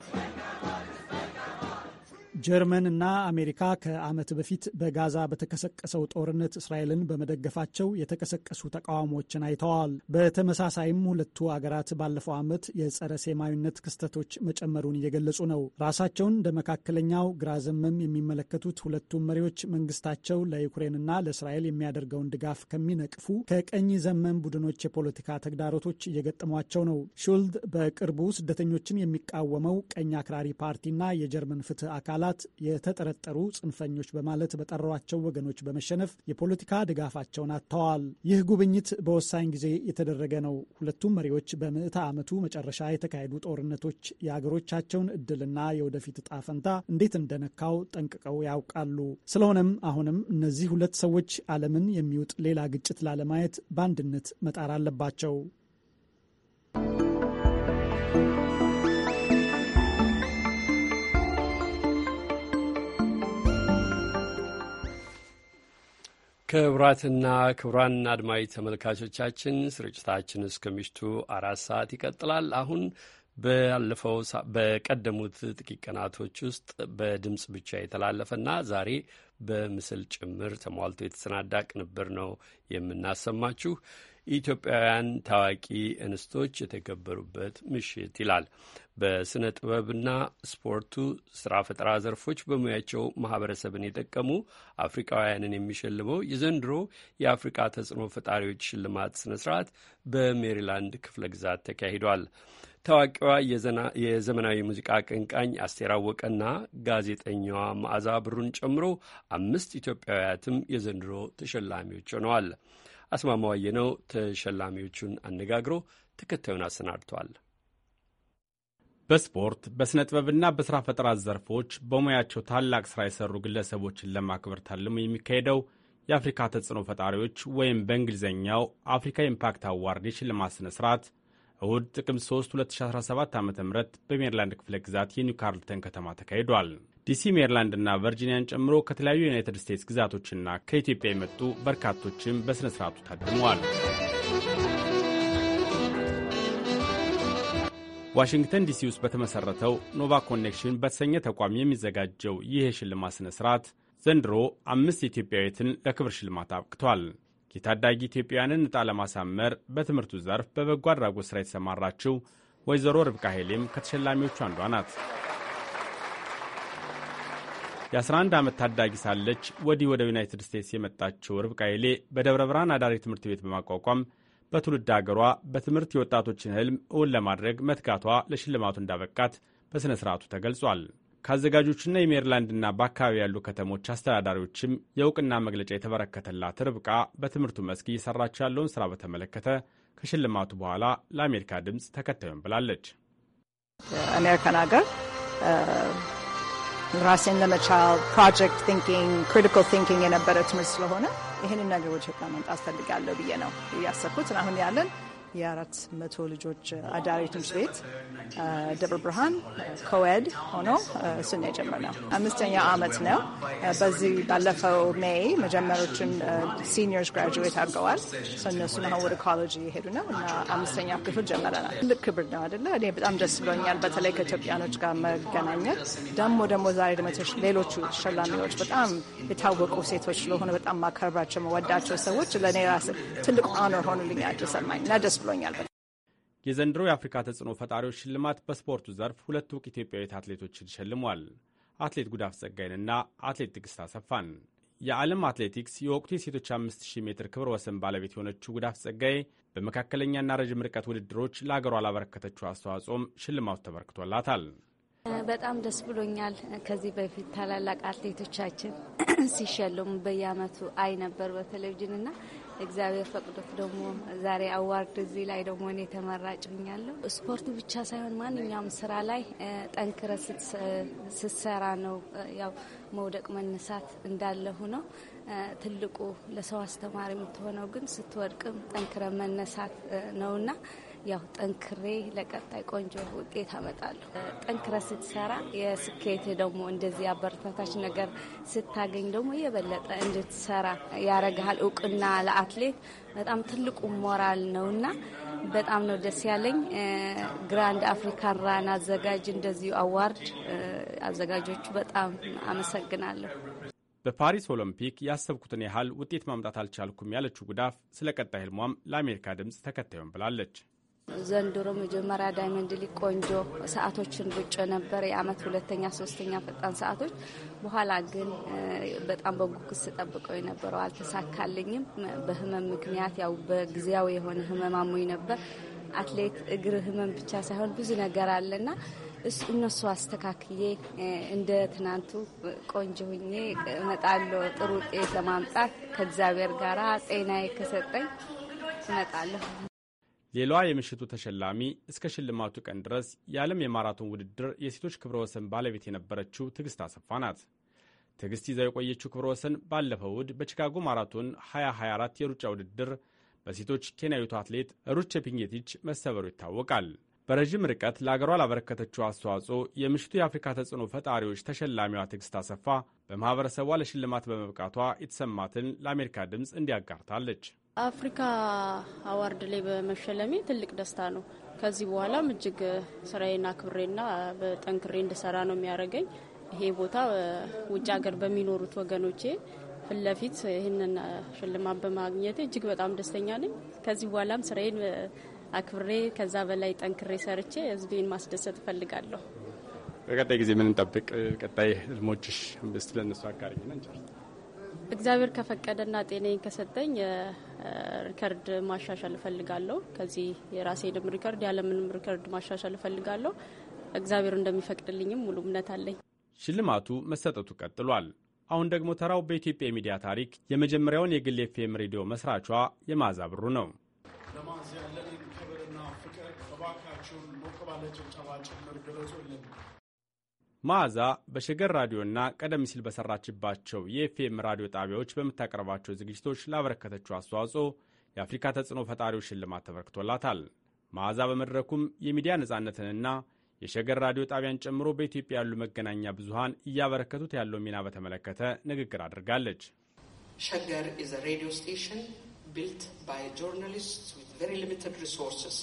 ጀርመን እና አሜሪካ ከዓመት በፊት በጋዛ በተቀሰቀሰው ጦርነት እስራኤልን በመደገፋቸው የተቀሰቀሱ ተቃውሞዎችን አይተዋል። በተመሳሳይም ሁለቱ አገራት ባለፈው ዓመት የጸረ ሴማዊነት ክስተቶች መጨመሩን እየገለጹ ነው። ራሳቸውን እንደ መካከለኛው ግራ ዘመም የሚመለከቱት ሁለቱም መሪዎች መንግስታቸው ለዩክሬንና ለእስራኤል የሚያደርገውን ድጋፍ ከሚነቅፉ ከቀኝ ዘመም ቡድኖች የፖለቲካ ተግዳሮቶች እየገጠሟቸው ነው። ሹልድ በቅርቡ ስደተኞችን የሚቃወመው ቀኝ አክራሪ ፓርቲና የጀርመን ፍትህ አካል አባላት የተጠረጠሩ ጽንፈኞች በማለት በጠሯቸው ወገኖች በመሸነፍ የፖለቲካ ድጋፋቸውን አጥተዋል። ይህ ጉብኝት በወሳኝ ጊዜ የተደረገ ነው። ሁለቱም መሪዎች በምዕተ ዓመቱ መጨረሻ የተካሄዱ ጦርነቶች የአገሮቻቸውን እድልና የወደፊት እጣ ፈንታ እንዴት እንደነካው ጠንቅቀው ያውቃሉ። ስለሆነም አሁንም እነዚህ ሁለት ሰዎች ዓለምን የሚውጥ ሌላ ግጭት ላለማየት በአንድነት መጣር አለባቸው። ክቡራትና ክቡራን አድማጭ ተመልካቾቻችን ስርጭታችን እስከ ምሽቱ አራት ሰዓት ይቀጥላል። አሁን ባለፈው በቀደሙት ጥቂት ቀናቶች ውስጥ በድምፅ ብቻ የተላለፈና ዛሬ በምስል ጭምር ተሟልቶ የተሰናዳ ቅንብር ነው የምናሰማችሁ። ኢትዮጵያውያን ታዋቂ እንስቶች የተከበሩበት ምሽት ይላል። በሥነ ጥበብና ስፖርቱ ስራ ፈጠራ ዘርፎች በሙያቸው ማህበረሰብን የጠቀሙ አፍሪካውያንን የሚሸልመው የዘንድሮ የአፍሪካ ተጽዕኖ ፈጣሪዎች ሽልማት ስነ ሥርዓት በሜሪላንድ ክፍለ ግዛት ተካሂዷል። ታዋቂዋ የዘመናዊ ሙዚቃ አቀንቃኝ አስቴር አወቀና ጋዜጠኛዋ መዓዛ ብሩን ጨምሮ አምስት ኢትዮጵያውያትም የዘንድሮ ተሸላሚዎች ሆነዋል። አስማማዋየ ነው ተሸላሚዎቹን አነጋግሮ ተከታዩን አሰናድቷል። በስፖርት በሥነ ጥበብና በሥራ ፈጠራ ዘርፎች በሙያቸው ታላቅ ሥራ የሠሩ ግለሰቦችን ለማክበር ታልሞ የሚካሄደው የአፍሪካ ተጽዕኖ ፈጣሪዎች ወይም በእንግሊዝኛው አፍሪካ ኢምፓክት አዋርድ የሽልማት ሥነ ሥርዓት እሁድ ጥቅምት 3 2017 ዓ ም በሜሪላንድ ክፍለ ግዛት የኒው ከተማ ተካሂዷል። ዲሲ፣ ሜሪላንድና ቨርጂኒያን ጨምሮ ከተለያዩ የዩናይትድ ስቴትስ ግዛቶችና ከኢትዮጵያ የመጡ በርካቶችም በሥነ ሥርዓቱ ታድመዋል። ዋሽንግተን ዲሲ ውስጥ በተመሠረተው ኖቫ ኮኔክሽን በተሰኘ ተቋም የሚዘጋጀው ይህ የሽልማት ሥነ ሥርዓት ዘንድሮ አምስት ኢትዮጵያዊትን ለክብር ሽልማት አብቅቷል። የታዳጊ ኢትዮጵያውያንን ዕጣ ለማሳመር በትምህርቱ ዘርፍ በበጎ አድራጎት ሥራ የተሰማራችው ወይዘሮ ርብቃ ኃይሌም ከተሸላሚዎቹ አንዷ ናት። የ11 ዓመት ታዳጊ ሳለች ወዲህ ወደ ዩናይትድ ስቴትስ የመጣችው ርብቃ ይሌ በደብረ ብርሃን አዳሪ ትምህርት ቤት በማቋቋም በትውልድ አገሯ በትምህርት የወጣቶችን ህልም እውን ለማድረግ መትጋቷ ለሽልማቱ እንዳበቃት በሥነ ሥርዓቱ ተገልጿል። ከአዘጋጆችና የሜሪላንድና በአካባቢ ያሉ ከተሞች አስተዳዳሪዎችም የእውቅና መግለጫ የተበረከተላት ርብቃ በትምህርቱ መስክ እየሰራች ያለውን ሥራ በተመለከተ ከሽልማቱ በኋላ ለአሜሪካ ድምፅ ተከታዩን ብላለች። አሜሪካን ሀገር ራሴን ለመቻል ፕሮጀክት ቲንኪንግ ክሪቲካል ቲንኪንግ የነበረ ትምህርት ስለሆነ ይህንን ነገሮች ህጋ መምጣት ፈልጋለሁ ብዬ ነው እያሰብኩት አሁን ያለን የአራት መቶ ልጆች አዳሪ ትምህርት ቤት ደብረ ብርሃን ኮኤድ ሆኖ እሱን የጀመርነው አምስተኛው አመት ነው። በዚህ ባለፈው ሜይ መጀመሪያዎቹን ሲኒየርስ ግራጁዌት አድርገዋል። እነሱ አሁን ወደ ኮሌጅ እየሄዱ ነው እና አምስተኛ ክፍል ጀመረናል። ትልቅ ክብር ነው አደለ? እኔ በጣም ደስ ብሎኛል። በተለይ ከኢትዮጵያኖች ጋር መገናኘት ደግሞ ደግሞ ዛሬ ደግሞ ሌሎቹ ተሸላሚዎች በጣም የታወቁ ሴቶች ስለሆነ በጣም ማከብራቸው መወዳቸው ሰዎች ለእኔ ራስ ትልቅ ኦኖር ሆኑልኝ ተሰማኝ እና ደስ ብሎኛል። የዘንድሮ የአፍሪካ ተጽዕኖ ፈጣሪዎች ሽልማት በስፖርቱ ዘርፍ ሁለት ውቅ ኢትዮጵያዊት አትሌቶችን ሸልሟል። አትሌት ጉዳፍ ጸጋይንና አትሌት ትግስት አሰፋን። የዓለም አትሌቲክስ የወቅቱ የሴቶች 5000 ሜትር ክብረ ወሰን ባለቤት የሆነችው ጉዳፍ ጸጋይ በመካከለኛና ረዥም ርቀት ውድድሮች ለአገሯ ላበረከተችው አስተዋጽኦም ሽልማቱ ተበርክቶላታል። በጣም ደስ ብሎኛል። ከዚህ በፊት ታላላቅ አትሌቶቻችን ሲሸለሙ በየዓመቱ አይ ነበር በቴሌቪዥንና እግዚአብሔር ፈቅዶት ደግሞ ዛሬ አዋርድ እዚህ ላይ ደግሞ እኔ ተመራጭ ሆኛለሁ። ስፖርት ብቻ ሳይሆን ማንኛውም ስራ ላይ ጠንክረ ስትሰራ ነው ያው መውደቅ መነሳት እንዳለ ሆኖ ትልቁ ለሰው አስተማሪ የምትሆነው ግን ስትወድቅም ጠንክረ መነሳት ነውና ያው ጠንክሬ ለቀጣይ ቆንጆ ውጤት አመጣለሁ። ጠንክረ ስትሰራ የስኬት ደግሞ እንደዚህ አበረታታች ነገር ስታገኝ ደግሞ የበለጠ እንድትሰራ ያረግሃል። እውቅና ለአትሌት በጣም ትልቁ ሞራል ነውና በጣም ነው ደስ ያለኝ። ግራንድ አፍሪካን ራን አዘጋጅ እንደዚሁ አዋርድ አዘጋጆቹ በጣም አመሰግናለሁ። በፓሪስ ኦሎምፒክ ያሰብኩትን ያህል ውጤት ማምጣት አልቻልኩም ያለችው ጉዳፍ ስለ ቀጣይ ህልሟም ለአሜሪካ ድምፅ ተከታዩን ብላለች። ዘንድሮ መጀመሪያ ዳይመንድ ሊግ ቆንጆ ሰዓቶችን ሩጬ ነበር፣ የአመት ሁለተኛ ሶስተኛ ፈጣን ሰዓቶች። በኋላ ግን በጣም በጉጉት ስጠብቀው የነበረው አልተሳካልኝም። በህመም ምክንያት ያው በጊዜያዊ የሆነ ህመም አሞኝ ነበር። አትሌት እግር ህመም ብቻ ሳይሆን ብዙ ነገር አለና እነሱ አስተካክዬ እንደ ትናንቱ ቆንጆ ሁኜ እመጣለሁ። ጥሩ ውጤት ለማምጣት ከእግዚአብሔር ጋር ጤናዬ ከሰጠኝ እመጣለሁ። ሌላዋ የምሽቱ ተሸላሚ እስከ ሽልማቱ ቀን ድረስ የዓለም የማራቶን ውድድር የሴቶች ክብረ ወሰን ባለቤት የነበረችው ትዕግስት አሰፋ ናት። ትዕግስት ይዛው የቆየችው ክብረ ወሰን ባለፈው እሁድ በቺካጎ ማራቶን 2024 የሩጫ ውድድር በሴቶች ኬንያዊቱ አትሌት ሩቼ ፒንጌቲች መሰበሩ ይታወቃል። በረዥም ርቀት ለአገሯ ላበረከተችው አስተዋጽኦ የምሽቱ የአፍሪካ ተጽዕኖ ፈጣሪዎች ተሸላሚዋ ትዕግስት አሰፋ በማኅበረሰቧ ለሽልማት በመብቃቷ የተሰማትን ለአሜሪካ ድምፅ እንዲያጋርታለች። አፍሪካ አዋርድ ላይ በመሸለሜ ትልቅ ደስታ ነው። ከዚህ በኋላም እጅግ ስራዬን አክብሬና በጠንክሬ እንድሰራ ነው የሚያደርገኝ። ይሄ ቦታ ውጭ ሀገር በሚኖሩት ወገኖቼ ፊት ለፊት ይህንን ሽልማት በማግኘቴ እጅግ በጣም ደስተኛ ነኝ። ከዚህ በኋላም ስራዬን አክብሬ ከዛ በላይ ጠንክሬ ሰርቼ ህዝቤን ማስደሰት እፈልጋለሁ። በቀጣይ ጊዜ ምን እንጠብቅ? ቀጣይ ህልሞችሽ ስለነሱ ለእነሱ አጋሪኝና እግዚአብሔር ከፈቀደና ጤናዬን ከሰጠኝ ሪከርድ ማሻሻል እፈልጋለሁ። ከዚህ የራሴንም ሪከርድ ያለምንም ሪከርድ ማሻሻል እፈልጋለሁ። እግዚአብሔር እንደሚፈቅድልኝም ሙሉ እምነት አለኝ። ሽልማቱ መሰጠቱ ቀጥሏል። አሁን ደግሞ ተራው በኢትዮጵያ የሚዲያ ታሪክ የመጀመሪያውን የግል ኤፍኤም ሬዲዮ መስራቿ የማዛ ብሩ ነው። ያለንን ክብርና ፍቅር እባካችሁን ሞቅ ባለ ጭብጨባ ጭምር ግለጹልን። መዓዛ በሸገር ራዲዮና ቀደም ሲል በሰራችባቸው የኤፍኤም ራዲዮ ጣቢያዎች በምታቀርባቸው ዝግጅቶች ላበረከተችው አስተዋጽኦ የአፍሪካ ተጽዕኖ ፈጣሪው ሽልማት ተበርክቶላታል። መዓዛ በመድረኩም የሚዲያ ነጻነትንና የሸገር ራዲዮ ጣቢያን ጨምሮ በኢትዮጵያ ያሉ መገናኛ ብዙሃን እያበረከቱት ያለው ሚና በተመለከተ ንግግር አድርጋለች። ሸገር ኢዝ ሬዲዮ ስቴሽን ቢልት ባይ ጆርናሊስትስ ዊዝ ቬሪ ሊሚትድ ሪሶርስስ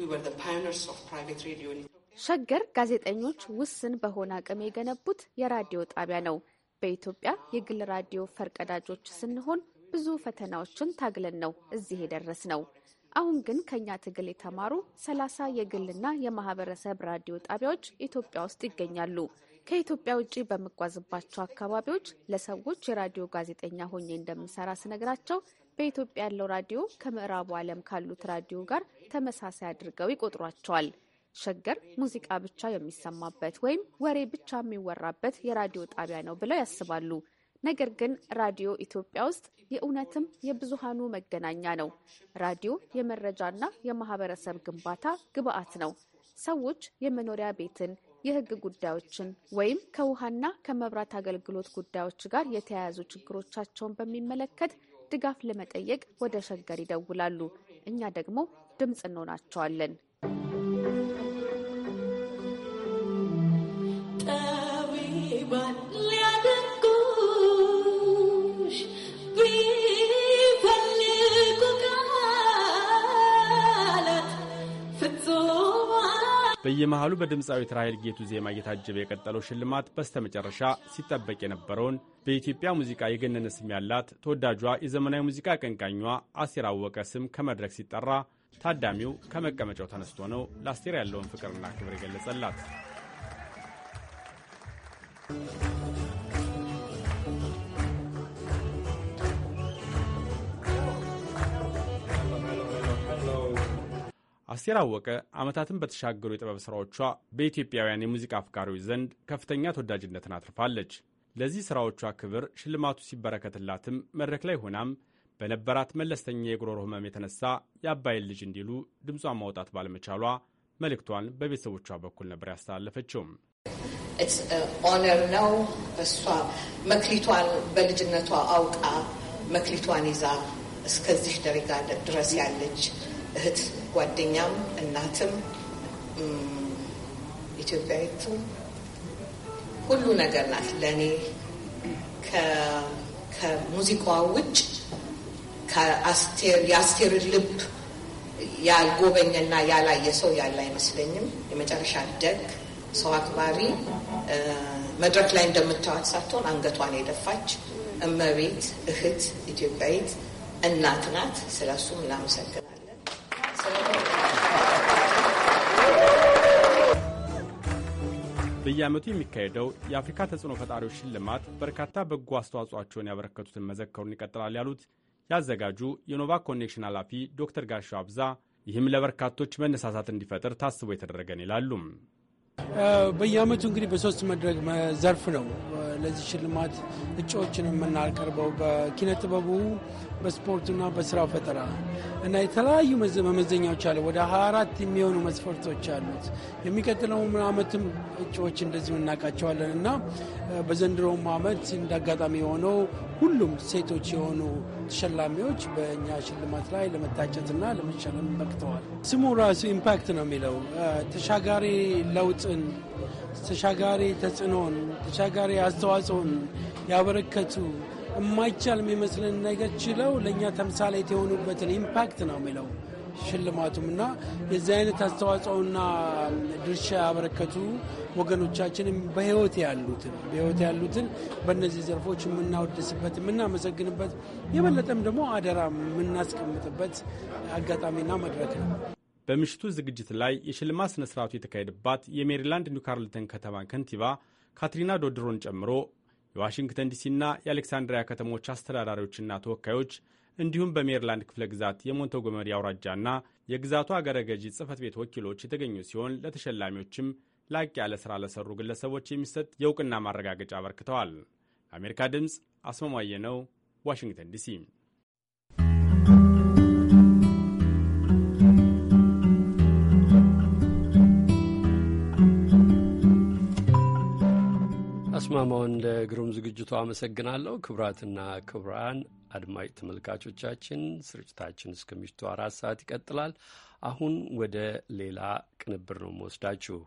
ዊ ወር ዘ ፓዮኒርስ ኦፍ ፕራይቬት ሬዲዮ ሸገር ጋዜጠኞች ውስን በሆነ አቅም የገነቡት የራዲዮ ጣቢያ ነው። በኢትዮጵያ የግል ራዲዮ ፈርቀዳጆች ስንሆን ብዙ ፈተናዎችን ታግለን ነው እዚህ የደረስ ነው። አሁን ግን ከኛ ትግል የተማሩ ሰላሳ የግልና የማህበረሰብ ራዲዮ ጣቢያዎች ኢትዮጵያ ውስጥ ይገኛሉ። ከኢትዮጵያ ውጭ በምጓዝባቸው አካባቢዎች ለሰዎች የራዲዮ ጋዜጠኛ ሆኜ እንደምሰራ ስነግራቸው በኢትዮጵያ ያለው ራዲዮ ከምዕራቡ ዓለም ካሉት ራዲዮ ጋር ተመሳሳይ አድርገው ይቆጥሯቸዋል። ሸገር ሙዚቃ ብቻ የሚሰማበት ወይም ወሬ ብቻ የሚወራበት የራዲዮ ጣቢያ ነው ብለው ያስባሉ። ነገር ግን ራዲዮ ኢትዮጵያ ውስጥ የእውነትም የብዙሃኑ መገናኛ ነው። ራዲዮ የመረጃና የማህበረሰብ ግንባታ ግብአት ነው። ሰዎች የመኖሪያ ቤትን፣ የህግ ጉዳዮችን ወይም ከውሃና ከመብራት አገልግሎት ጉዳዮች ጋር የተያያዙ ችግሮቻቸውን በሚመለከት ድጋፍ ለመጠየቅ ወደ ሸገር ይደውላሉ። እኛ ደግሞ ድምፅ እንሆናቸዋለን። በየመሃሉ በድምፃዊት ትራይል ጌቱ ዜማ እየታጀበ የቀጠለው ሽልማት በስተመጨረሻ ሲጠበቅ የነበረውን በኢትዮጵያ ሙዚቃ የገነነ ስም ያላት ተወዳጇ የዘመናዊ ሙዚቃ አቀንቃኟ አስቴር አወቀ ስም ከመድረክ ሲጠራ ታዳሚው ከመቀመጫው ተነስቶ ነው ለአስቴር ያለውን ፍቅርና ክብር የገለጸላት። አስቴር አወቀ ዓመታትን በተሻገሩ የጥበብ ሥራዎቿ በኢትዮጵያውያን የሙዚቃ አፍቃሪዎች ዘንድ ከፍተኛ ተወዳጅነትን አትርፋለች። ለዚህ ሥራዎቿ ክብር ሽልማቱ ሲበረከትላትም መድረክ ላይ ሆናም በነበራት መለስተኛ የጉሮሮ ሕመም የተነሳ የአባይን ልጅ እንዲሉ ድምጿን ማውጣት ባለመቻሏ መልእክቷን በቤተሰቦቿ በኩል ነበር ያስተላለፈችውም። ኦነር ነው። እሷ መክሊቷን በልጅነቷ አውቃ መክሊቷን ይዛ እስከዚህ ደረጃ ድረስ ያለች እህት ጓደኛም እናትም ኢትዮጵያዊትም ሁሉ ነገር ናት ለእኔ ከሙዚቃዋ ውጭ የአስቴር ልብ ያልጎበኘና ያላየ ሰው ያለ አይመስለኝም። የመጨረሻ ደግ ሰው አክባሪ፣ መድረክ ላይ እንደምታዋት ሳትሆን አንገቷን የደፋች እመቤት፣ እህት፣ ኢትዮጵያዊት እናት ናት። ስለ እሱም እናመሰግናል። በየዓመቱ የሚካሄደው የአፍሪካ ተጽዕኖ ፈጣሪዎች ሽልማት በርካታ በጎ አስተዋጽኦቸውን ያበረከቱትን መዘከሩን ይቀጥላል ያሉት ያዘጋጁ የኖቫ ኮኔክሽን ኃላፊ ዶክተር ጋሻው አብዛ፣ ይህም ለበርካቶች መነሳሳት እንዲፈጥር ታስቦ የተደረገን ይላሉም። በየዓመቱ እንግዲህ በሶስት መድረክ ዘርፍ ነው ለዚህ ሽልማት እጩዎችን የምናቀርበው በኪነ ጥበቡ፣ በስፖርቱና በስራ ፈጠራ እና የተለያዩ መመዘኛዎች አሉ። ወደ 24 የሚሆኑ መስፈርቶች አሉት። የሚቀጥለው አመትም እጩዎች እንደዚሁ እናውቃቸዋለን እና በዘንድሮውም አመት እንዳጋጣሚ የሆነው ሁሉም ሴቶች የሆኑ ተሸላሚዎች በእኛ ሽልማት ላይ ለመታጨትና ለመሸለም በቅተዋል። ስሙ ራሱ ኢምፓክት ነው የሚለው ተሻጋሪ ለውጥን፣ ተሻጋሪ ተጽዕኖን፣ ተሻጋሪ አስተዋጽኦን ያበረከቱ የማይቻል የሚመስልን ነገር ችለው ለእኛ ተምሳሌት የሆኑበትን ኢምፓክት ነው የሚለው ሽልማቱም እና የዚህ አይነት አስተዋጽኦና ድርሻ ያበረከቱ ወገኖቻችንም በህይወት ያሉትን በህይወት ያሉትን በእነዚህ ዘርፎች የምናወድስበት የምናመሰግንበት የበለጠም ደግሞ አደራ የምናስቀምጥበት አጋጣሚና መድረክ ነው። በምሽቱ ዝግጅት ላይ የሽልማት ስነስርዓቱ የተካሄደባት የሜሪላንድ ኒውካርልተን ከተማ ከንቲባ ካትሪና ዶድሮን ጨምሮ የዋሽንግተን ዲሲና የአሌክሳንድሪያ ከተሞች አስተዳዳሪዎችና ተወካዮች እንዲሁም በሜሪላንድ ክፍለ ግዛት የሞንቶጎመሪ አውራጃና የግዛቱ አገረ ገዢ ጽህፈት ቤት ወኪሎች የተገኙ ሲሆን ለተሸላሚዎችም ላቅ ያለ ሥራ ለሰሩ ግለሰቦች የሚሰጥ የእውቅና ማረጋገጫ አበርክተዋል። ለአሜሪካ ድምፅ አስማማየ ነው፣ ዋሽንግተን ዲሲ አስማማውን ለግሩም ዝግጅቱ አመሰግናለሁ። ክቡራትና ክቡራን አድማጭ ተመልካቾቻችን ስርጭታችን እስከ ምሽቱ አራት ሰዓት ይቀጥላል። አሁን ወደ ሌላ ቅንብር ነው መወስዳችሁ።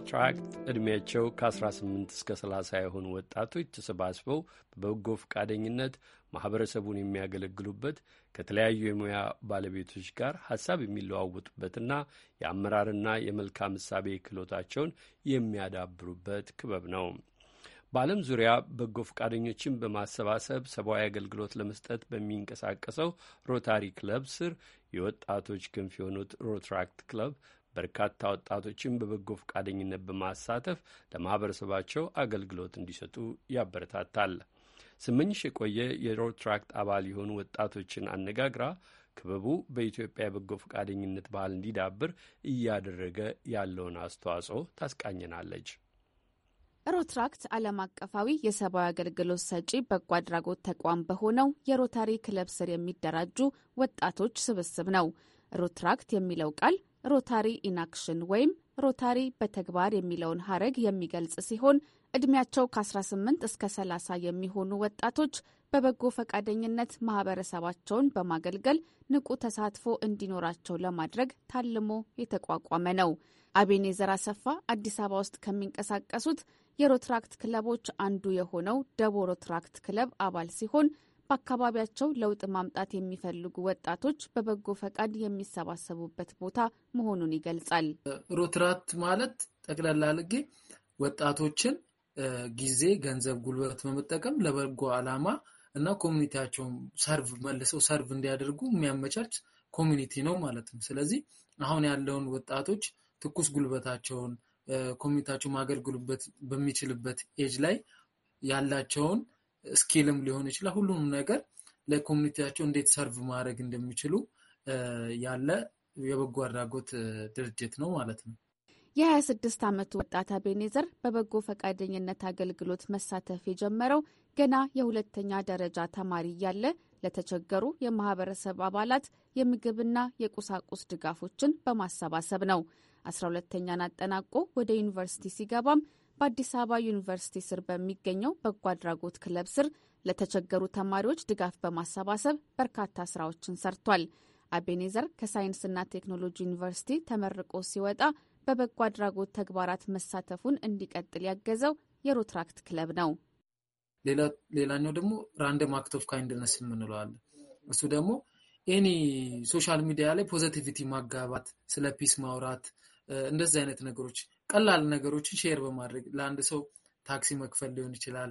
ፕሮትራክት ዕድሜያቸው ከ18 እስከ 30 የሆኑ ወጣቶች ተሰባስበው በበጎ ፈቃደኝነት ማኅበረሰቡን የሚያገለግሉበት ከተለያዩ የሙያ ባለቤቶች ጋር ሀሳብ የሚለዋወጡበትና የአመራርና የመልካም እሳቤ ክህሎታቸውን የሚያዳብሩበት ክበብ ነው። በዓለም ዙሪያ በጎ ፈቃደኞችን በማሰባሰብ ሰብአዊ አገልግሎት ለመስጠት በሚንቀሳቀሰው ሮታሪ ክለብ ስር የወጣቶች ክንፍ የሆኑት ሮትራክት ክለብ በርካታ ወጣቶችን በበጎ ፈቃደኝነት በማሳተፍ ለማህበረሰባቸው አገልግሎት እንዲሰጡ ያበረታታል። ስመኝሽ የቆየ የሮትራክት አባል የሆኑ ወጣቶችን አነጋግራ ክበቡ በኢትዮጵያ የበጎ ፈቃደኝነት ባህል እንዲዳብር እያደረገ ያለውን አስተዋጽኦ ታስቃኘናለች። ሮትራክት ዓለም አቀፋዊ የሰብአዊ አገልግሎት ሰጪ በጎ አድራጎት ተቋም በሆነው የሮታሪ ክለብ ስር የሚደራጁ ወጣቶች ስብስብ ነው። ሮትራክት የሚለው ቃል ሮታሪ ኢናክሽን ወይም ሮታሪ በተግባር የሚለውን ሀረግ የሚገልጽ ሲሆን እድሜያቸው ከ18 እስከ 30 የሚሆኑ ወጣቶች በበጎ ፈቃደኝነት ማህበረሰባቸውን በማገልገል ንቁ ተሳትፎ እንዲኖራቸው ለማድረግ ታልሞ የተቋቋመ ነው። አቤኔዘር አሰፋ አዲስ አበባ ውስጥ ከሚንቀሳቀሱት የሮትራክት ክለቦች አንዱ የሆነው ደቦ ሮትራክት ክለብ አባል ሲሆን በአካባቢያቸው ለውጥ ማምጣት የሚፈልጉ ወጣቶች በበጎ ፈቃድ የሚሰባሰቡበት ቦታ መሆኑን ይገልጻል። ሮትራክት ማለት ጠቅላላ ልጌ ወጣቶችን ጊዜ፣ ገንዘብ፣ ጉልበት በመጠቀም ለበጎ ዓላማ እና ኮሚኒቲያቸውን ሰርቭ መልሰው ሰርቭ እንዲያደርጉ የሚያመቻች ኮሚኒቲ ነው ማለት ነው። ስለዚህ አሁን ያለውን ወጣቶች ትኩስ ጉልበታቸውን ኮሚኒቲያቸው ማገልግሉበት በሚችልበት ኤጅ ላይ ያላቸውን ስኪልም ሊሆን ይችላል። ሁሉንም ነገር ለኮሚኒቲያቸው እንዴት ሰርቭ ማድረግ እንደሚችሉ ያለ የበጎ አድራጎት ድርጅት ነው ማለት ነው። የ26 ዓመቱ ወጣት አቤኔዘር በበጎ ፈቃደኝነት አገልግሎት መሳተፍ የጀመረው ገና የሁለተኛ ደረጃ ተማሪ እያለ ለተቸገሩ የማህበረሰብ አባላት የምግብና የቁሳቁስ ድጋፎችን በማሰባሰብ ነው። 12ተኛን አጠናቆ ወደ ዩኒቨርሲቲ ሲገባም በአዲስ አበባ ዩኒቨርሲቲ ስር በሚገኘው በጎ አድራጎት ክለብ ስር ለተቸገሩ ተማሪዎች ድጋፍ በማሰባሰብ በርካታ ስራዎችን ሰርቷል። አቤኔዘር ከሳይንስና ቴክኖሎጂ ዩኒቨርሲቲ ተመርቆ ሲወጣ በበጎ አድራጎት ተግባራት መሳተፉን እንዲቀጥል ያገዘው የሮትራክት ክለብ ነው። ሌላኛው ደግሞ ራንደም አክት ኦፍ ካይንድነስ የምንለዋለን። እሱ ደግሞ ኤኒ ሶሻል ሚዲያ ላይ ፖዘቲቪቲ ማጋባት፣ ስለ ፒስ ማውራት እንደዚህ አይነት ነገሮች ቀላል ነገሮችን ሼር በማድረግ ለአንድ ሰው ታክሲ መክፈል ሊሆን ይችላል፣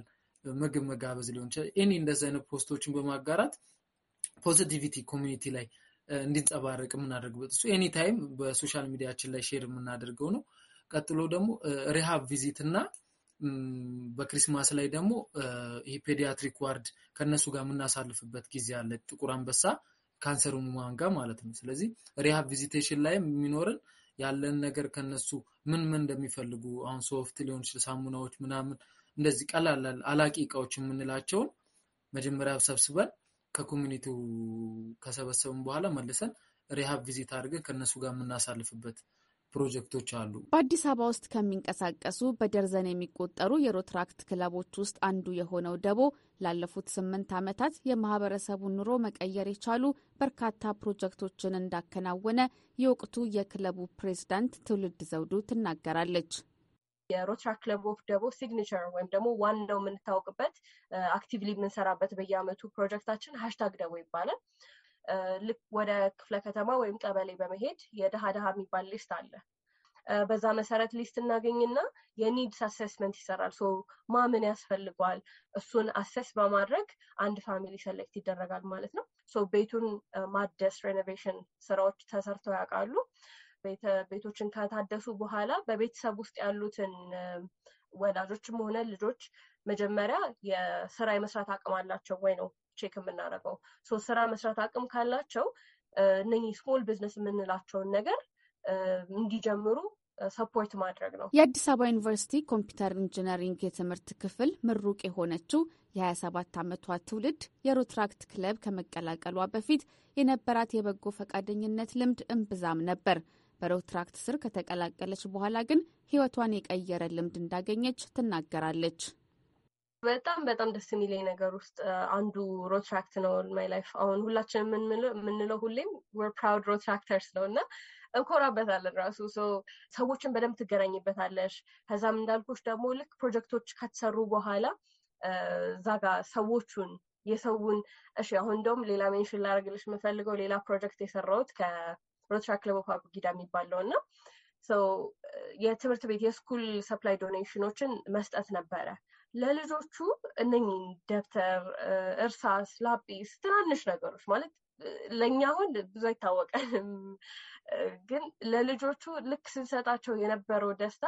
ምግብ መጋበዝ ሊሆን ይችላል። ይህ እንደዚህ አይነት ፖስቶችን በማጋራት ፖዚቲቪቲ ኮሚኒቲ ላይ እንዲንጸባረቅ የምናደርግበት እሱ ኤኒ ታይም በሶሻል ሚዲያችን ላይ ሼር የምናደርገው ነው። ቀጥሎ ደግሞ ሪሃብ ቪዚት እና በክሪስማስ ላይ ደግሞ ይሄ ፔዲያትሪክ ዋርድ ከእነሱ ጋር የምናሳልፍበት ጊዜ አለ። ጥቁር አንበሳ ካንሰር ሙማን ጋር ማለት ነው። ስለዚህ ሪሃብ ቪዚቴሽን ላይ የሚኖርን ያለን ነገር ከነሱ ምን ምን እንደሚፈልጉ አሁን ሶፍት ሊሆን ይችላል፣ ሳሙናዎች ምናምን እንደዚህ ቀላል አላቂ እቃዎች የምንላቸውን መጀመሪያ ሰብስበን ከኮሚኒቲው ከሰበሰብን በኋላ መልሰን ሪሃብ ቪዚት አድርገን ከእነሱ ጋር የምናሳልፍበት ፕሮጀክቶች አሉ። በአዲስ አበባ ውስጥ ከሚንቀሳቀሱ በደርዘን የሚቆጠሩ የሮትራክት ክለቦች ውስጥ አንዱ የሆነው ደቦ ላለፉት ስምንት ዓመታት የማህበረሰቡን ኑሮ መቀየር የቻሉ በርካታ ፕሮጀክቶችን እንዳከናወነ የወቅቱ የክለቡ ፕሬዝዳንት ትውልድ ዘውዱ ትናገራለች። የሮትራክ ክለብ ኦፍ ደቦ ሲግኒቸር ወይም ደግሞ ዋናው የምንታወቅበት አክቲቭሊ የምንሰራበት በየአመቱ ፕሮጀክታችን ሀሽታግ ደቦ ይባላል። ልክ ወደ ክፍለ ከተማ ወይም ቀበሌ በመሄድ የድሃ ድሃ የሚባል ሊስት አለ። በዛ መሰረት ሊስት እናገኝና የኒድስ አሴስመንት ይሰራል። ሶ ማምን ያስፈልገዋል እሱን አሴስ በማድረግ አንድ ፋሚሊ ሰሌክት ይደረጋል ማለት ነው። ሶ ቤቱን ማደስ ሬኖቬሽን ስራዎች ተሰርተው ያውቃሉ። ቤቶችን ከታደሱ በኋላ በቤተሰብ ውስጥ ያሉትን ወላጆችም ሆነ ልጆች መጀመሪያ የስራ የመስራት አቅም አላቸው ወይ ነው ቼክ የምናደርገው። ስራ መስራት አቅም ካላቸው እነኚህ ስሞል ቢዝነስ የምንላቸውን ነገር እንዲጀምሩ ሰፖርት ማድረግ ነው። የአዲስ አበባ ዩኒቨርሲቲ ኮምፒውተር ኢንጂነሪንግ የትምህርት ክፍል ምሩቅ የሆነችው የ27 ዓመቷ ትውልድ የሮትራክት ክለብ ከመቀላቀሏ በፊት የነበራት የበጎ ፈቃደኝነት ልምድ እምብዛም ነበር። በሮትራክት ስር ከተቀላቀለች በኋላ ግን ሕይወቷን የቀየረ ልምድ እንዳገኘች ትናገራለች። በጣም በጣም ደስ የሚለኝ ነገር ውስጥ አንዱ ሮትራክት ነው ማይ ላይፍ። አሁን ሁላችን የምንለው ሁሌም ወር ፕራውድ ሮትራክተርስ ነው እና እንኮራበታለን። ራሱ ሰዎችን በደንብ ትገናኝበታለሽ። ከዛም እንዳልኩሽ ደግሞ ልክ ፕሮጀክቶች ከተሰሩ በኋላ እዛ ጋ ሰዎቹን የሰውን እሺ፣ አሁን እንደውም ሌላ ሜንሽን ላደርግልሽ የምፈልገው ሌላ ፕሮጀክት የሰራውት ከሮትራክ ክለብ ጊዳ የሚባለው እና የትምህርት ቤት የስኩል ሰፕላይ ዶኔሽኖችን መስጠት ነበረ ለልጆቹ እነኚህ ደብተር፣ እርሳስ፣ ላጲስ ትናንሽ ነገሮች ማለት ለእኛ አሁን ብዙ አይታወቀንም፣ ግን ለልጆቹ ልክ ስንሰጣቸው የነበረው ደስታ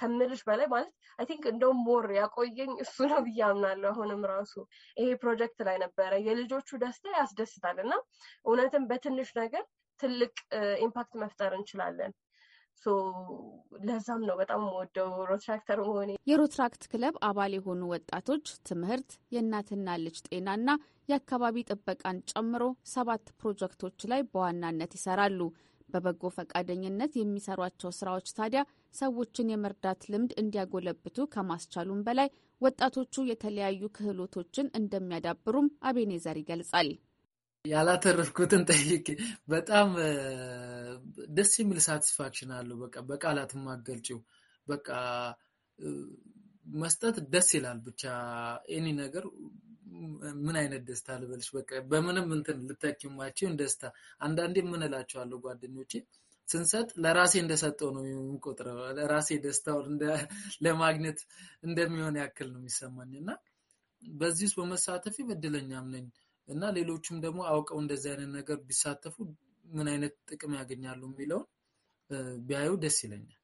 ከምልሽ በላይ ማለት አይ ቲንክ እንደውም ሞር ያቆየኝ እሱ ነው ብዬ አምናለሁ። አሁንም ራሱ ይሄ ፕሮጀክት ላይ ነበረ የልጆቹ ደስታ ያስደስታል እና እውነትም በትንሽ ነገር ትልቅ ኢምፓክት መፍጠር እንችላለን። ለዛም ነው በጣም ወደው ሮትራክተር መሆኔ። የሮትራክት ክለብ አባል የሆኑ ወጣቶች ትምህርት፣ የእናትና ልጅ ጤናና የአካባቢ ጥበቃን ጨምሮ ሰባት ፕሮጀክቶች ላይ በዋናነት ይሰራሉ። በበጎ ፈቃደኝነት የሚሰሯቸው ስራዎች ታዲያ ሰዎችን የመርዳት ልምድ እንዲያጎለብቱ ከማስቻሉም በላይ ወጣቶቹ የተለያዩ ክህሎቶችን እንደሚያዳብሩም አቤኔዘር ይገልጻል። ያላተረፍኩትን ጠይቄ በጣም ደስ የሚል ሳቲስፋክሽን አለው። በቃ በቃላት ማገልጭው በቃ መስጠት ደስ ይላል። ብቻ ኤኒ ነገር ምን አይነት ደስታ ልበልሽ፣ በቃ በምንም እንትን ልተኪማቸውን ደስታ አንዳንዴ የምንላቸዋለሁ እላቸዋለሁ ጓደኞቼ ስንሰጥ ለራሴ እንደሰጠው ነው የምንቆጥረው። ለራሴ ደስታውን ለማግኘት እንደሚሆን ያክል ነው የሚሰማኝ እና በዚህ ውስጥ በመሳተፍ በድለኛም ነኝ። እና ሌሎችም ደግሞ አውቀው እንደዚህ አይነት ነገር ቢሳተፉ ምን አይነት ጥቅም ያገኛሉ የሚለውን ቢያዩ ደስ ይለኛል።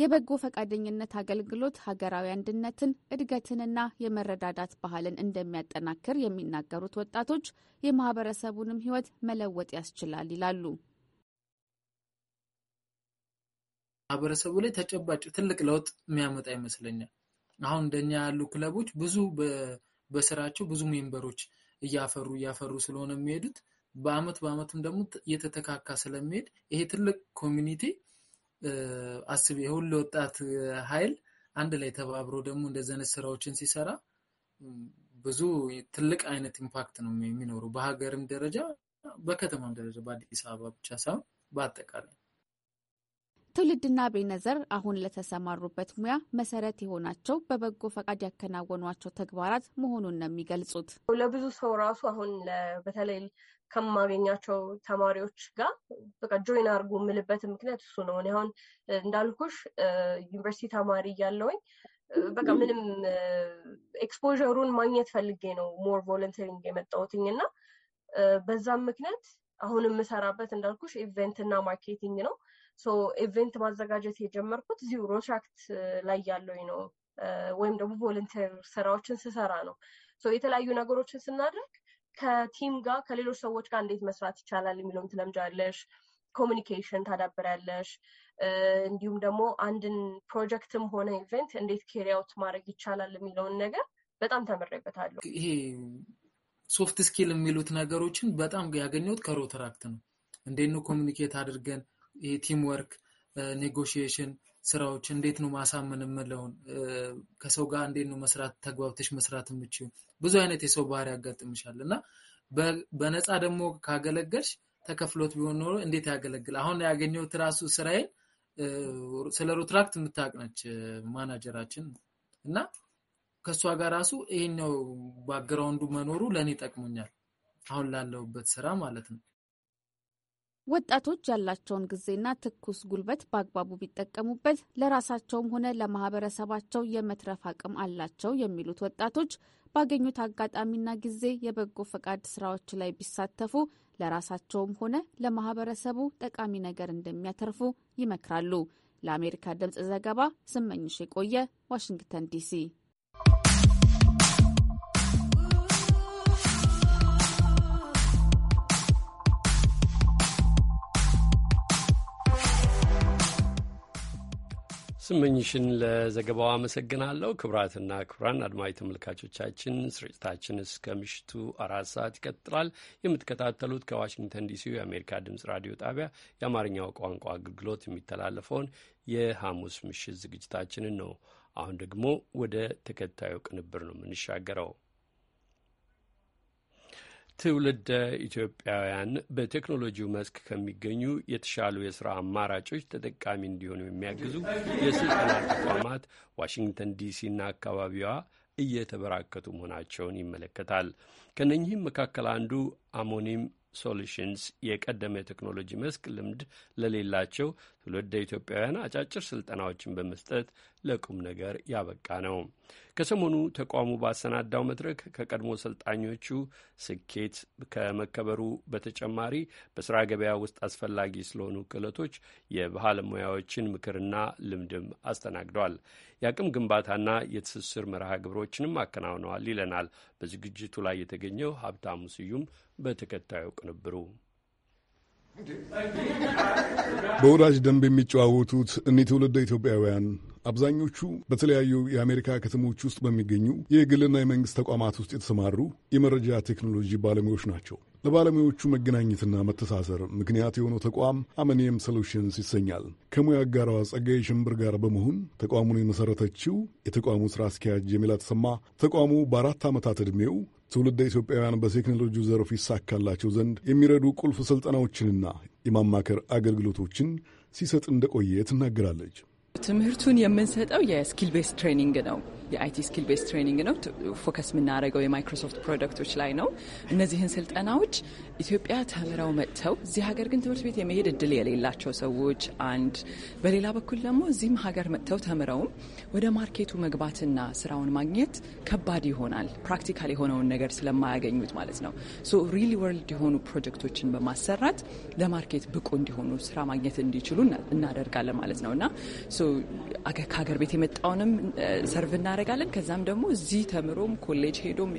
የበጎ ፈቃደኝነት አገልግሎት ሀገራዊ አንድነትን፣ እድገትንና የመረዳዳት ባህልን እንደሚያጠናክር የሚናገሩት ወጣቶች የማህበረሰቡንም ሕይወት መለወጥ ያስችላል ይላሉ። ማህበረሰቡ ላይ ተጨባጭ ትልቅ ለውጥ የሚያመጣ ይመስለኛል። አሁን እንደኛ ያሉ ክለቦች ብዙ በስራቸው ብዙ ሜምበሮች እያፈሩ እያፈሩ ስለሆነ የሚሄዱት በአመት በአመትም ደግሞ እየተተካካ ስለሚሄድ ይሄ ትልቅ ኮሚኒቲ አስብ የሁሉ ወጣት ኃይል አንድ ላይ ተባብሮ ደግሞ እንደዚህ አይነት ስራዎችን ሲሰራ ብዙ ትልቅ አይነት ኢምፓክት ነው የሚኖሩ በሀገርም ደረጃ በከተማም ደረጃ በአዲስ አበባ ብቻ ሳይሆን በአጠቃላይ ትውልድና ቤነዘር አሁን ለተሰማሩበት ሙያ መሰረት የሆናቸው በበጎ ፈቃድ ያከናወኗቸው ተግባራት መሆኑን ነው የሚገልጹት። ለብዙ ሰው ራሱ አሁን በተለይ ከማገኛቸው ተማሪዎች ጋር በቃ ጆይን አድርጎ የምልበት ምክንያት እሱ ነው። እኔ አሁን እንዳልኩሽ ዩኒቨርሲቲ ተማሪ እያለሁኝ በቃ ምንም ኤክስፖሩን ማግኘት ፈልጌ ነው ሞር ቮለንተሪንግ የመጣሁትኝ እና በዛም ምክንያት አሁን የምሰራበት እንዳልኩሽ ኢቨንትና ማርኬቲንግ ነው። ሶ ኢቨንት ማዘጋጀት የጀመርኩት እዚሁ ሮሻክት ላይ ያለው ነው ወይም ደግሞ ቮለንቲር ስራዎችን ስሰራ ነው። የተለያዩ ነገሮችን ስናደርግ ከቲም ጋር ከሌሎች ሰዎች ጋር እንዴት መስራት ይቻላል የሚለውን ትለምጃለሽ፣ ኮሚኒኬሽን ታዳብሪያለሽ። እንዲሁም ደግሞ አንድን ፕሮጀክትም ሆነ ኢቨንት እንዴት ኬሪያውት ማድረግ ይቻላል የሚለውን ነገር በጣም ተምሬበታለሁ። ይሄ ሶፍት ስኪል የሚሉት ነገሮችን በጣም ያገኘሁት ከሮተራክት ነው። እንዴት ነው ኮሚኒኬት አድርገን የቲም ወርክ ኔጎሽዬሽን ስራዎች እንዴት ነው ማሳመን የምለውን ከሰው ጋር እንዴት ነው መስራት ተግባብተሽ መስራት የምችው ብዙ አይነት የሰው ባህሪ ያጋጥምሻል እና በነፃ ደግሞ ካገለገልሽ ተከፍሎት ቢሆን ኖሮ እንዴት ያገለግል አሁን ያገኘሁት ራሱ ስራዬን ስለ ሮትራክት የምታቅነች ማናጀራችን እና ከእሷ ጋር ራሱ ይሄኛው ባግራውንዱ መኖሩ ለእኔ ጠቅሞኛል አሁን ላለሁበት ስራ ማለት ነው ወጣቶች ያላቸውን ጊዜና ትኩስ ጉልበት በአግባቡ ቢጠቀሙበት ለራሳቸውም ሆነ ለማህበረሰባቸው የመትረፍ አቅም አላቸው የሚሉት ወጣቶች ባገኙት አጋጣሚና ጊዜ የበጎ ፈቃድ ስራዎች ላይ ቢሳተፉ ለራሳቸውም ሆነ ለማህበረሰቡ ጠቃሚ ነገር እንደሚያተርፉ ይመክራሉ። ለአሜሪካ ድምጽ ዘገባ ስመኝሽ የቆየ ዋሽንግተን ዲሲ። ስመኝሽን ለዘገባው አመሰግናለሁ። ክቡራትና ክቡራን አድማዊ ተመልካቾቻችን ስርጭታችን እስከ ምሽቱ አራት ሰዓት ይቀጥላል። የምትከታተሉት ከዋሽንግተን ዲሲ የአሜሪካ ድምጽ ራዲዮ ጣቢያ የአማርኛው ቋንቋ አገልግሎት የሚተላለፈውን የሐሙስ ምሽት ዝግጅታችንን ነው። አሁን ደግሞ ወደ ተከታዩ ቅንብር ነው የምንሻገረው። ትውልደ ኢትዮጵያውያን በቴክኖሎጂው መስክ ከሚገኙ የተሻሉ የስራ አማራጮች ተጠቃሚ እንዲሆኑ የሚያግዙ የስልጠና ተቋማት ዋሽንግተን ዲሲና አካባቢዋ እየተበራከቱ መሆናቸውን ይመለከታል። ከነኚህም መካከል አንዱ አሞኒም ሶሉሽንስ የቀደመ የቴክኖሎጂ መስክ ልምድ ለሌላቸው ትውልደ ኢትዮጵያውያን አጫጭር ስልጠናዎችን በመስጠት ለቁም ነገር ያበቃ ነው። ከሰሞኑ ተቋሙ ባሰናዳው መድረክ ከቀድሞ ሰልጣኞቹ ስኬት ከመከበሩ በተጨማሪ በስራ ገበያ ውስጥ አስፈላጊ ስለሆኑ ክህሎቶች የባለሙያዎችን ምክርና ልምድም አስተናግደዋል። የአቅም ግንባታና የትስስር መርሃ ግብሮችንም አከናውነዋል ይለናል በዝግጅቱ ላይ የተገኘው ሀብታሙ ስዩም በተከታዩ ቅንብሩ በወዳጅ ደንብ የሚጨዋወቱት እኒ ትውልደ ኢትዮጵያውያን አብዛኞቹ በተለያዩ የአሜሪካ ከተሞች ውስጥ በሚገኙ የግልና የመንግሥት ተቋማት ውስጥ የተሰማሩ የመረጃ ቴክኖሎጂ ባለሙያዎች ናቸው። ለባለሙያዎቹ መገናኘትና መተሳሰር ምክንያት የሆነው ተቋም አመኒየም ሶሉሽንስ ይሰኛል። ከሙያ አጋሯ ጸጋዬ ሽምብር ጋር በመሆን ተቋሙን የመሠረተችው የተቋሙ ሥራ አስኪያጅ የሚላ ተሰማ ተቋሙ በአራት ዓመታት ዕድሜው ትውልደ ኢትዮጵያውያን በቴክኖሎጂው ዘርፍ ይሳካላቸው ዘንድ የሚረዱ ቁልፍ ስልጠናዎችንና የማማከር አገልግሎቶችን ሲሰጥ እንደቆየ ትናገራለች። ትምህርቱን የምንሰጠው የስኪል ቤስ ትሬኒንግ ነው። የአይቲ ስኪል ቤስ ትሬኒንግ ነው። ፎከስ የምናደርገው የማይክሮሶፍት ፕሮደክቶች ላይ ነው። እነዚህን ስልጠናዎች ኢትዮጵያ ተምረው መጥተው እዚህ ሀገር ግን ትምህርት ቤት የመሄድ እድል የሌላቸው ሰዎች አንድ፣ በሌላ በኩል ደግሞ እዚህም ሀገር መጥተው ተምረውም ወደ ማርኬቱ መግባትና ስራውን ማግኘት ከባድ ይሆናል፣ ፕራክቲካል የሆነውን ነገር ስለማያገኙት ማለት ነው። ሶ ሪሊ ወርልድ የሆኑ ፕሮጀክቶችን በማሰራት ለማርኬት ብቁ እንዲሆኑ ስራ ማግኘት እንዲችሉ እናደርጋለን ማለት ነው እና ከሀገር ቤት የመጣውንም ሰርቭ እናደርጋለን። ከዛም ደግሞ እዚህ ተምሮም ኮሌጅ ሄዶም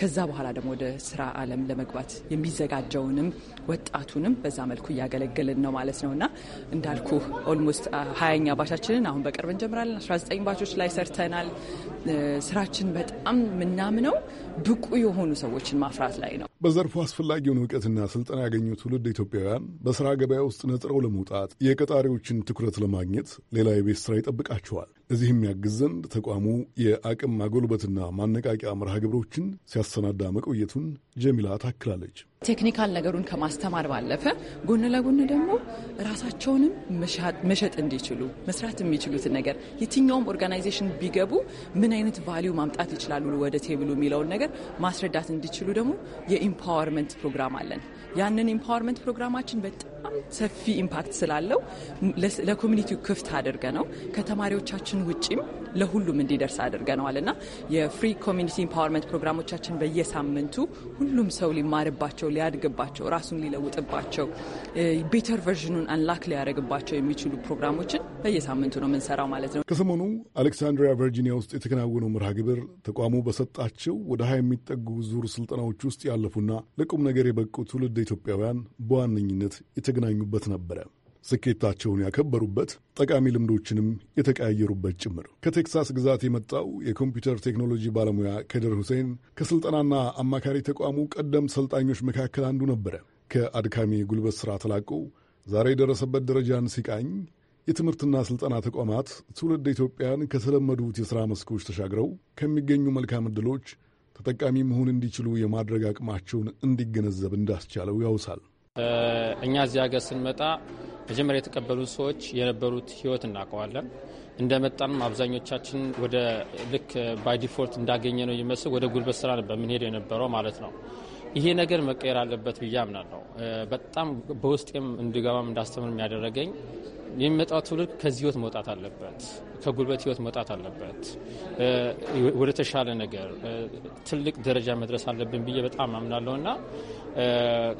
ከዛ በኋላ ደግሞ ወደ ስራ አለም ለመግባት የሚዘጋጀውንም ወጣቱንም በዛ መልኩ እያገለገልን ነው ማለት ነው እና እንዳልኩ ኦልሞስት ሀያኛ ባቻችንን አሁን በቅርብ እንጀምራለን። 19 ባቾች ላይ ሰርተናል። ስራችን በጣም ምናምነው ብቁ የሆኑ ሰዎችን ማፍራት ላይ ነው። በዘርፉ አስፈላጊውን እውቀትና ስልጠና ያገኙ ትውልድ ኢትዮጵያውያን በስራ ገበያ ውስጥ ነጥረው ለመውጣት የቀጣሪዎችን ትኩረት ለማግኘት ሌላ የቤት ስራ ይጠብቃቸዋል። እዚህ የሚያግዝ ዘንድ ተቋሙ የአቅም ማጎልበትና ማነቃቂያ መርሃ ግብሮችን ሲያሰናዳ መቆየቱን ጀሚላ ታክላለች። ቴክኒካል ነገሩን ከማስተማር ባለፈ ጎን ለጎን ደግሞ ራሳቸውንም መሸጥ እንዲችሉ መስራት የሚችሉትን ነገር የትኛውም ኦርጋናይዜሽን ቢገቡ ምን አይነት ቫሊዩ ማምጣት ይችላሉ ወደ ቴብሉ የሚለውን ነገር ማስረዳት እንዲችሉ ደግሞ የኢምፓወርመንት ፕሮግራም አለን። ያንን ኢምፓወርመንት ፕሮግራማችን በጣም ሰፊ ኢምፓክት ስላለው ለኮሚኒቲው ክፍት አድርገ ነው ከተማሪዎቻችን ውጪም ለሁሉም እንዲደርስ አድርገነዋል እና የፍሪ ኮሚኒቲ ኢምፓወርመንት ፕሮግራሞቻችን በየሳምንቱ ሁሉም ሰው ሊማርባቸው፣ ሊያድግባቸው፣ ራሱን ሊለውጥባቸው ቤተር ቨርዥኑን አንላክ ሊያደርግባቸው የሚችሉ ፕሮግራሞችን በየሳምንቱ ነው የምንሰራው ማለት ነው። ከሰሞኑ አሌክሳንድሪያ ቨርጂኒያ ውስጥ የተከናወነው መርሃ ግብር ተቋሙ በሰጣቸው ወደ ሀያ የሚጠጉ ዙር ስልጠናዎች ውስጥ ያለፉና ለቁም ነገር የበቁ ትውልድ ትውልድ ኢትዮጵያውያን በዋነኝነት የተገናኙበት ነበረ። ስኬታቸውን ያከበሩበት፣ ጠቃሚ ልምዶችንም የተቀያየሩበት ጭምር። ከቴክሳስ ግዛት የመጣው የኮምፒውተር ቴክኖሎጂ ባለሙያ ከድር ሁሴን ከሥልጠናና አማካሪ ተቋሙ ቀደምት ሰልጣኞች መካከል አንዱ ነበረ። ከአድካሚ ጉልበት ሥራ ተላቆ ዛሬ የደረሰበት ደረጃን ሲቃኝ የትምህርትና ሥልጠና ተቋማት ትውልድ ኢትዮጵያን ከተለመዱት የሥራ መስኮች ተሻግረው ከሚገኙ መልካም ዕድሎች ተጠቃሚ መሆን እንዲችሉ የማድረግ አቅማቸውን እንዲገነዘብ እንዳስቻለው ያውሳል። እኛ እዚህ ሀገር ስንመጣ መጀመሪያ የተቀበሉ ሰዎች የነበሩት ህይወት እናውቀዋለን። እንደመጣንም አብዛኞቻችን ወደ ልክ ባይ ዲፎልት እንዳገኘ ነው ይመስል ወደ ጉልበት ስራ ነበር የምንሄደው የነበረው ማለት ነው። ይሄ ነገር መቀየር አለበት ብዬ አምናለሁ። በጣም በውስጤም እንድገባም እንዳስተምር የሚያደረገኝ የሚመጣው ትውልድ ከዚህ ህይወት መውጣት አለበት፣ ከጉልበት ህይወት መውጣት አለበት፣ ወደ ተሻለ ነገር ትልቅ ደረጃ መድረስ አለብን ብዬ በጣም አምናለሁ እና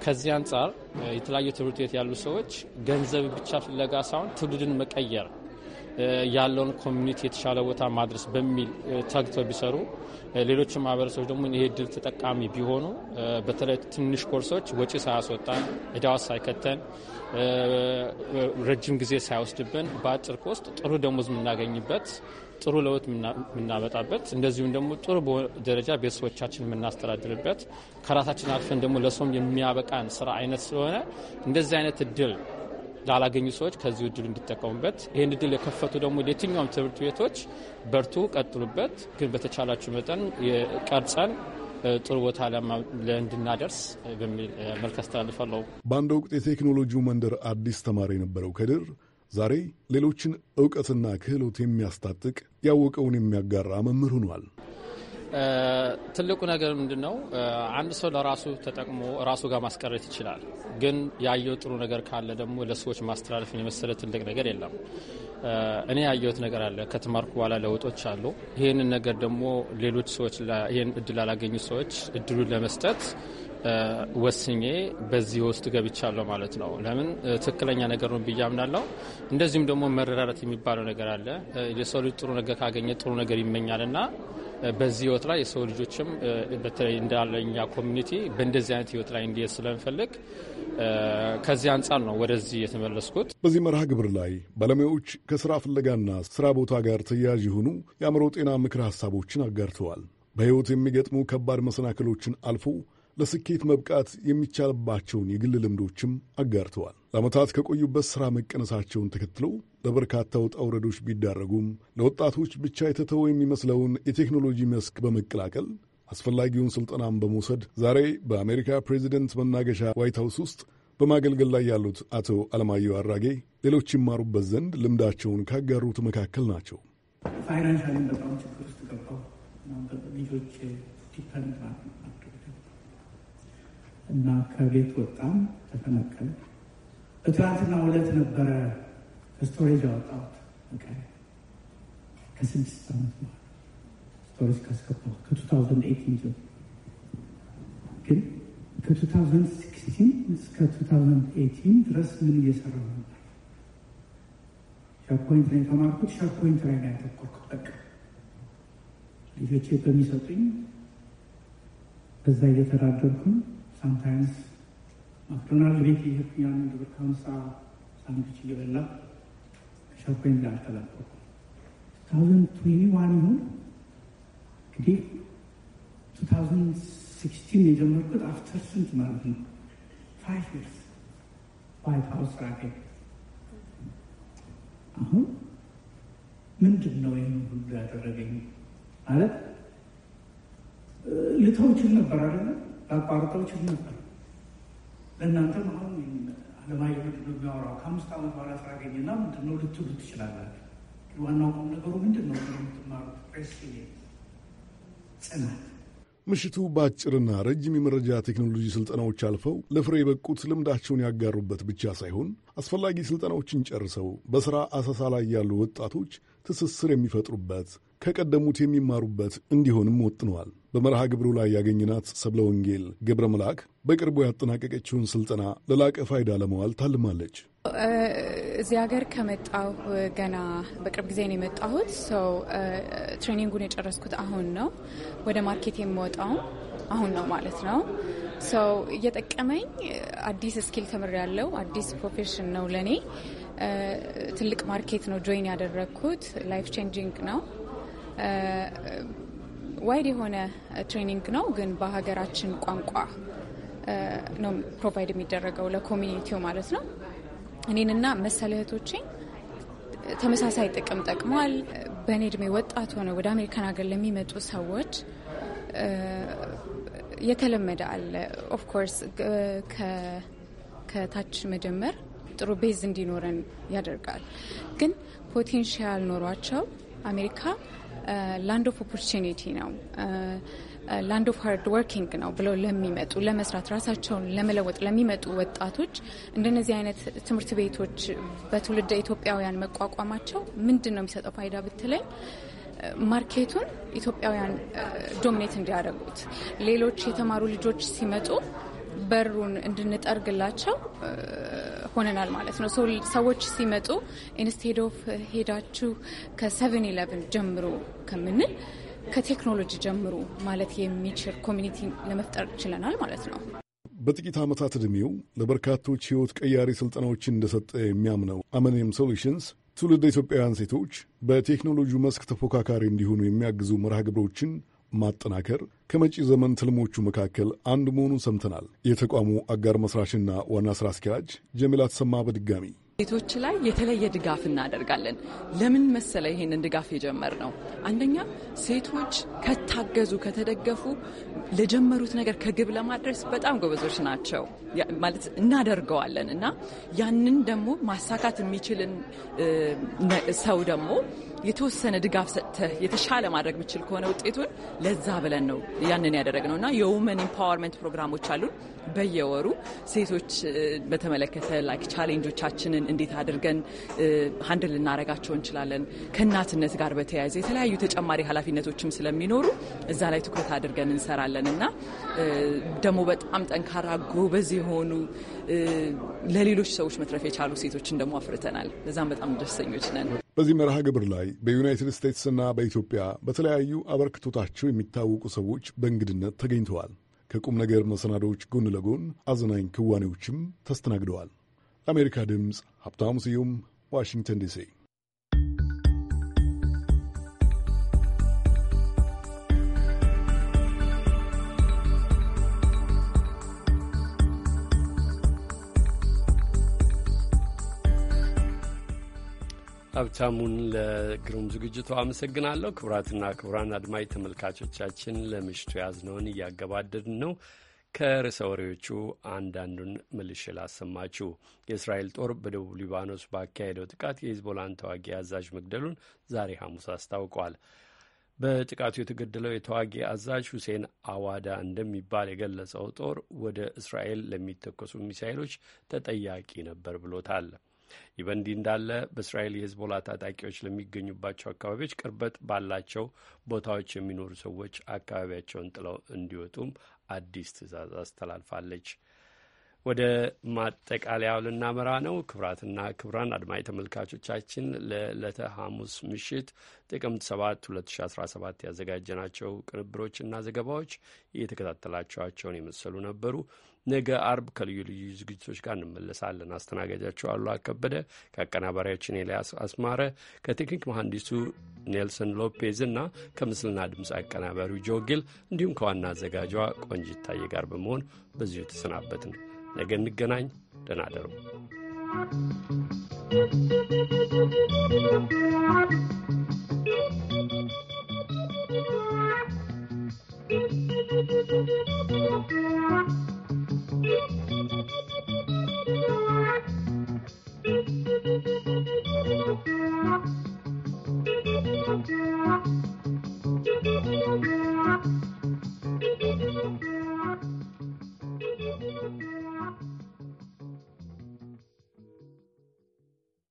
ከዚህ አንጻር የተለያዩ ትምህርት ቤት ያሉ ሰዎች ገንዘብ ብቻ ፍለጋ ሳይሆን ትውልድን መቀየር ያለውን ኮሚኒቲ የተሻለ ቦታ ማድረስ በሚል ተግተው ቢሰሩ ሌሎች ማህበረሰቦች ደግሞ ይሄ ድል ተጠቃሚ ቢሆኑ በተለይ ትንሽ ኮርሶች ወጪ ሳያስወጣን እዳዋ ሳይከተን ረጅም ጊዜ ሳይወስድብን በአጭር ኮስት ጥሩ ደሞዝ የምናገኝበት ጥሩ ለውጥ የምናመጣበት እንደዚሁም ደግሞ ጥሩ ደረጃ ቤተሰቦቻችን የምናስተዳድርበት ከራሳችን አልፈን ደግሞ ለሰውም የሚያበቃን ስራ አይነት ስለሆነ እንደዚህ አይነት እድል ላላገኙ ሰዎች ከዚህ እድል እንዲጠቀሙበት ይህን እድል የከፈቱ ደግሞ የትኛውም ትምህርት ቤቶች በርቱ፣ ቀጥሉበት። ግን በተቻላችሁ መጠን ቀርጸን ጥሩ ቦታ እንድናደርስ በሚል መልክ አስተላልፋለሁ። በአንድ ወቅት የቴክኖሎጂው መንደር አዲስ ተማሪ የነበረው ከድር ዛሬ ሌሎችን እውቀትና ክህሎት የሚያስታጥቅ ያወቀውን የሚያጋራ መምህር ሆኗል። ትልቁ ነገር ምንድን ነው? አንድ ሰው ለራሱ ተጠቅሞ ራሱ ጋር ማስቀረት ይችላል። ግን ያየው ጥሩ ነገር ካለ ደግሞ ለሰዎች ማስተላለፍን የመሰለ ትልቅ ነገር የለም። እኔ ያየሁት ነገር አለ። ከተማርኩ በኋላ ለውጦች አሉ። ይህንን ነገር ደግሞ ሌሎች ሰዎች ይህን እድል አላገኙ ሰዎች እድሉን ለመስጠት ወስኜ በዚህ ውስጥ ገብቻለሁ ማለት ነው። ለምን ትክክለኛ ነገር ነው ብዬ አምናለሁ። እንደዚሁም ደግሞ መረዳዳት የሚባለው ነገር አለ። የሰው ልጅ ጥሩ ነገር ካገኘ ጥሩ ነገር ይመኛልና በዚህ ህይወት ላይ የሰው ልጆችም በተለይ እንዳለኛ ኮሚኒቲ በእንደዚህ አይነት ህይወት ላይ እንዲሄድ ስለምፈልግ ከዚህ አንጻር ነው ወደዚህ የተመለስኩት። በዚህ መርሃ ግብር ላይ ባለሙያዎች ከስራ ፍለጋና ስራ ቦታ ጋር ተያያዥ የሆኑ የአእምሮ ጤና ምክር ሀሳቦችን አጋርተዋል። በህይወት የሚገጥሙ ከባድ መሰናክሎችን አልፎ ለስኬት መብቃት የሚቻልባቸውን የግል ልምዶችም አጋርተዋል። ለአመታት ከቆዩበት ሥራ መቀነሳቸውን ተከትለው ለበርካታ ውጣ ውረዶች ቢዳረጉም ለወጣቶች ብቻ የተተወ የሚመስለውን የቴክኖሎጂ መስክ በመቀላቀል አስፈላጊውን ሥልጠናን በመውሰድ ዛሬ በአሜሪካ ፕሬዚደንት መናገሻ ዋይት ሀውስ ውስጥ በማገልገል ላይ ያሉት አቶ አለማየሁ አራጌ ሌሎች ይማሩበት ዘንድ ልምዳቸውን ካጋሩት መካከል ናቸው። በጣም ችግር ውስጥ ልጆች ዲፐንድ እና ከቤት ወጣም ተፈናቀለ በትናንትና ሁለት ነበረ ከስቶሬጅ አወጣሁት። ከስድስት ዓመት ስቶሬጅ ካስገባሁ ከ2018 ግን ከ2016 እስከ 2018 ድረስ ምን እየሰራሁ ነበር? ሻርፖይንት ላይ የተማርኩት ሻርፖይንት ላይ ነው ያተኮርኩት። በቃ ልጆቼ በሚሰጡኝ በዛ እየተዳደርኩኝ ሳምታይምስ ማክዶናል ቤት የሄድኩኝ አንድ ብር ከሀምሳ ሳንዱች እየበላ ሸኮኝ እንዳልተለቀቁ ታውዘንድ ትዌንቲ ዋን ይሁን እንግዲህ ቱ ታውዘንድ ሲክስቲን የጀመርኩት አፍተር ስንት ማለት ነው ፋይቭ ይርስ ዋይት ሀውስ ራገ አሁን ምንድን ነው ይህን ሁሉ ያደረገኝ ማለት ልተውችል ነበር አይደለ ላቋርጠውችል ነበር ለእናንተም አሁን አለማየ የሚያወራው ከአምስት ዓመት በኋላ ስራ ገኘና ምንድን ነው ልትሉ ትችላላችሁ። ዋናው ቁም ነገሩ ምንድን ነው የምትማሩት? ጽናት ምሽቱ በአጭርና ረጅም የመረጃ ቴክኖሎጂ ስልጠናዎች አልፈው ለፍሬ የበቁት ልምዳቸውን ያጋሩበት ብቻ ሳይሆን አስፈላጊ ስልጠናዎችን ጨርሰው በሥራ አሳሳ ላይ ያሉ ወጣቶች ትስስር የሚፈጥሩበት ከቀደሙት የሚማሩበት እንዲሆንም ወጥነዋል። በመርሃ ግብሩ ላይ ያገኝናት ሰብለ ወንጌል ገብረ መልአክ በቅርቡ ያጠናቀቀችውን ስልጠና ለላቀ ፋይዳ ለመዋል ታልማለች። እዚህ ሀገር ከመጣሁ ገና በቅርብ ጊዜ ነው የመጣሁት። ሰው ትሬኒንጉን የጨረስኩት አሁን ነው። ወደ ማርኬት የምወጣውም አሁን ነው ማለት ነው። ሰው እየጠቀመኝ አዲስ ስኪል ተምር ያለው አዲስ ፕሮፌሽን ነው ለእኔ። ትልቅ ማርኬት ነው ጆይን ያደረግኩት። ላይፍ ቼንጂንግ ነው ዋይድ የሆነ ትሬኒንግ ነው፣ ግን በሀገራችን ቋንቋ ነው ፕሮቫይድ የሚደረገው ለኮሚኒቲው ማለት ነው። እኔንና መሰል ተመሳሳይ ጥቅም ጠቅመዋል። በእኔ እድሜ ወጣት ሆነ ወደ አሜሪካን ሀገር ለሚመጡ ሰዎች የተለመደ አለ። ኦፍኮርስ ከታች መጀመር ጥሩ ቤዝ እንዲኖረን ያደርጋል። ግን ፖቴንሽያል ኖሯቸው አሜሪካ ላንድ ኦፍ ኦፖርቹኒቲ ነው፣ ላንድ ኦፍ ሃርድ ወርኪንግ ነው ብለው ለሚመጡ ለመስራት ራሳቸውን ለመለወጥ ለሚመጡ ወጣቶች እንደነዚህ አይነት ትምህርት ቤቶች በትውልድ ኢትዮጵያውያን መቋቋማቸው ምንድን ነው የሚሰጠው ፋይዳ ብትለኝ ማርኬቱን ኢትዮጵያውያን ዶሚኔት እንዲያደርጉት ሌሎች የተማሩ ልጆች ሲመጡ በሩን እንድንጠርግላቸው ሆነናል ማለት ነው። ሰዎች ሲመጡ ኢንስቴድ ኦፍ ሄዳችሁ ከሰቨን ኢለቨን ጀምሮ ከምንል ከቴክኖሎጂ ጀምሮ ማለት የሚችል ኮሚኒቲ ለመፍጠር ችለናል ማለት ነው። በጥቂት ዓመታት ዕድሜው ለበርካቶች ሕይወት ቀያሪ ሥልጠናዎችን እንደሰጠ የሚያምነው አመኔም ሶሉሽንስ ትውልድ ኢትዮጵያውያን ሴቶች በቴክኖሎጂ መስክ ተፎካካሪ እንዲሆኑ የሚያግዙ መርሃ ግብሮችን ማጠናከር ከመጪ ዘመን ትልሞቹ መካከል አንዱ መሆኑን ሰምተናል። የተቋሙ አጋር መስራችና ዋና ስራ አስኪያጅ ጀሚላ ተሰማ በድጋሚ ቤቶች ላይ የተለየ ድጋፍ እናደርጋለን። ለምን መሰለ ይሄንን ድጋፍ የጀመር ነው? አንደኛ ሴቶች ከታገዙ ከተደገፉ ለጀመሩት ነገር ከግብ ለማድረስ በጣም ጎበዞች ናቸው ማለት እናደርገዋለን እና ያንን ደግሞ ማሳካት የሚችልን ሰው ደግሞ የተወሰነ ድጋፍ ሰጥተህ የተሻለ ማድረግ የምችል ከሆነ ውጤቱን ለዛ ብለን ነው ያንን ያደረግነው እና የውመን ኢምፓወርመንት ፕሮግራሞች አሉን። በየወሩ ሴቶች በተመለከተ ላይክ ቻሌንጆቻችንን እንዴት አድርገን ሀንድል ልናረጋቸው እንችላለን፣ ከእናትነት ጋር በተያያዘ የተለያዩ ተጨማሪ ኃላፊነቶችም ስለሚኖሩ እዛ ላይ ትኩረት አድርገን እንሰራለን እና ደግሞ በጣም ጠንካራ ጎበዝ የሆኑ ለሌሎች ሰዎች መትረፍ የቻሉ ሴቶችን ደግሞ አፍርተናል። በዛም በጣም ደስተኞች ነን። በዚህ መርሃ ግብር ላይ በዩናይትድ ስቴትስና በኢትዮጵያ በተለያዩ አበርክቶታቸው የሚታወቁ ሰዎች በእንግድነት ተገኝተዋል። ከቁም ነገር መሰናዶዎች ጎን ለጎን አዝናኝ ክዋኔዎችም ተስተናግደዋል። ለአሜሪካ ድምፅ ሀብታሙ ስዩም ዋሽንግተን ዲሲ ሀብታሙን ለግሩም ዝግጅቱ አመሰግናለሁ። ክቡራትና ክቡራን አድማጭ ተመልካቾቻችን ለምሽቱ ያዝነውን እያገባደድን ነው። ከርዕሰ ወሬዎቹ አንዳንዱን መልሼ ላሰማችሁ። የእስራኤል ጦር በደቡብ ሊባኖስ ባካሄደው ጥቃት የሂዝቦላን ተዋጊ አዛዥ መግደሉን ዛሬ ሐሙስ አስታውቋል። በጥቃቱ የተገደለው የተዋጊ አዛዥ ሁሴን አዋዳ እንደሚባል የገለጸው ጦር ወደ እስራኤል ለሚተኮሱ ሚሳይሎች ተጠያቂ ነበር ብሎታል። ይህ በእንዲህ እንዳለ በእስራኤል የሄዝቦላ ታጣቂዎች ለሚገኙባቸው አካባቢዎች ቅርበት ባላቸው ቦታዎች የሚኖሩ ሰዎች አካባቢያቸውን ጥለው እንዲወጡም አዲስ ትዕዛዝ አስተላልፋለች። ወደ ማጠቃለያው ልናመራ ነው። ክብራትና ክብራን አድማጭ ተመልካቾቻችን ለዕለተ ሐሙስ ምሽት ጥቅምት 7 2017 ያዘጋጀናቸው ቅንብሮችና ዘገባዎች እየተከታተላቸዋቸውን የመሰሉ ነበሩ። ነገ አርብ ከልዩ ልዩ ዝግጅቶች ጋር እንመለሳለን። አስተናጋጃቸው አሉ አከበደ ከአቀናባሪያችን ኤልያስ አስማረ ከቴክኒክ መሐንዲሱ ኔልሰን ሎፔዝ እና ከምስልና ድምፅ አቀናባሪው ጆጊል እንዲሁም ከዋና አዘጋጇ ቆንጅታዬ ጋር በመሆን በዚሁ ተሰናበትን። ነገ እንገናኝ። ደህና you.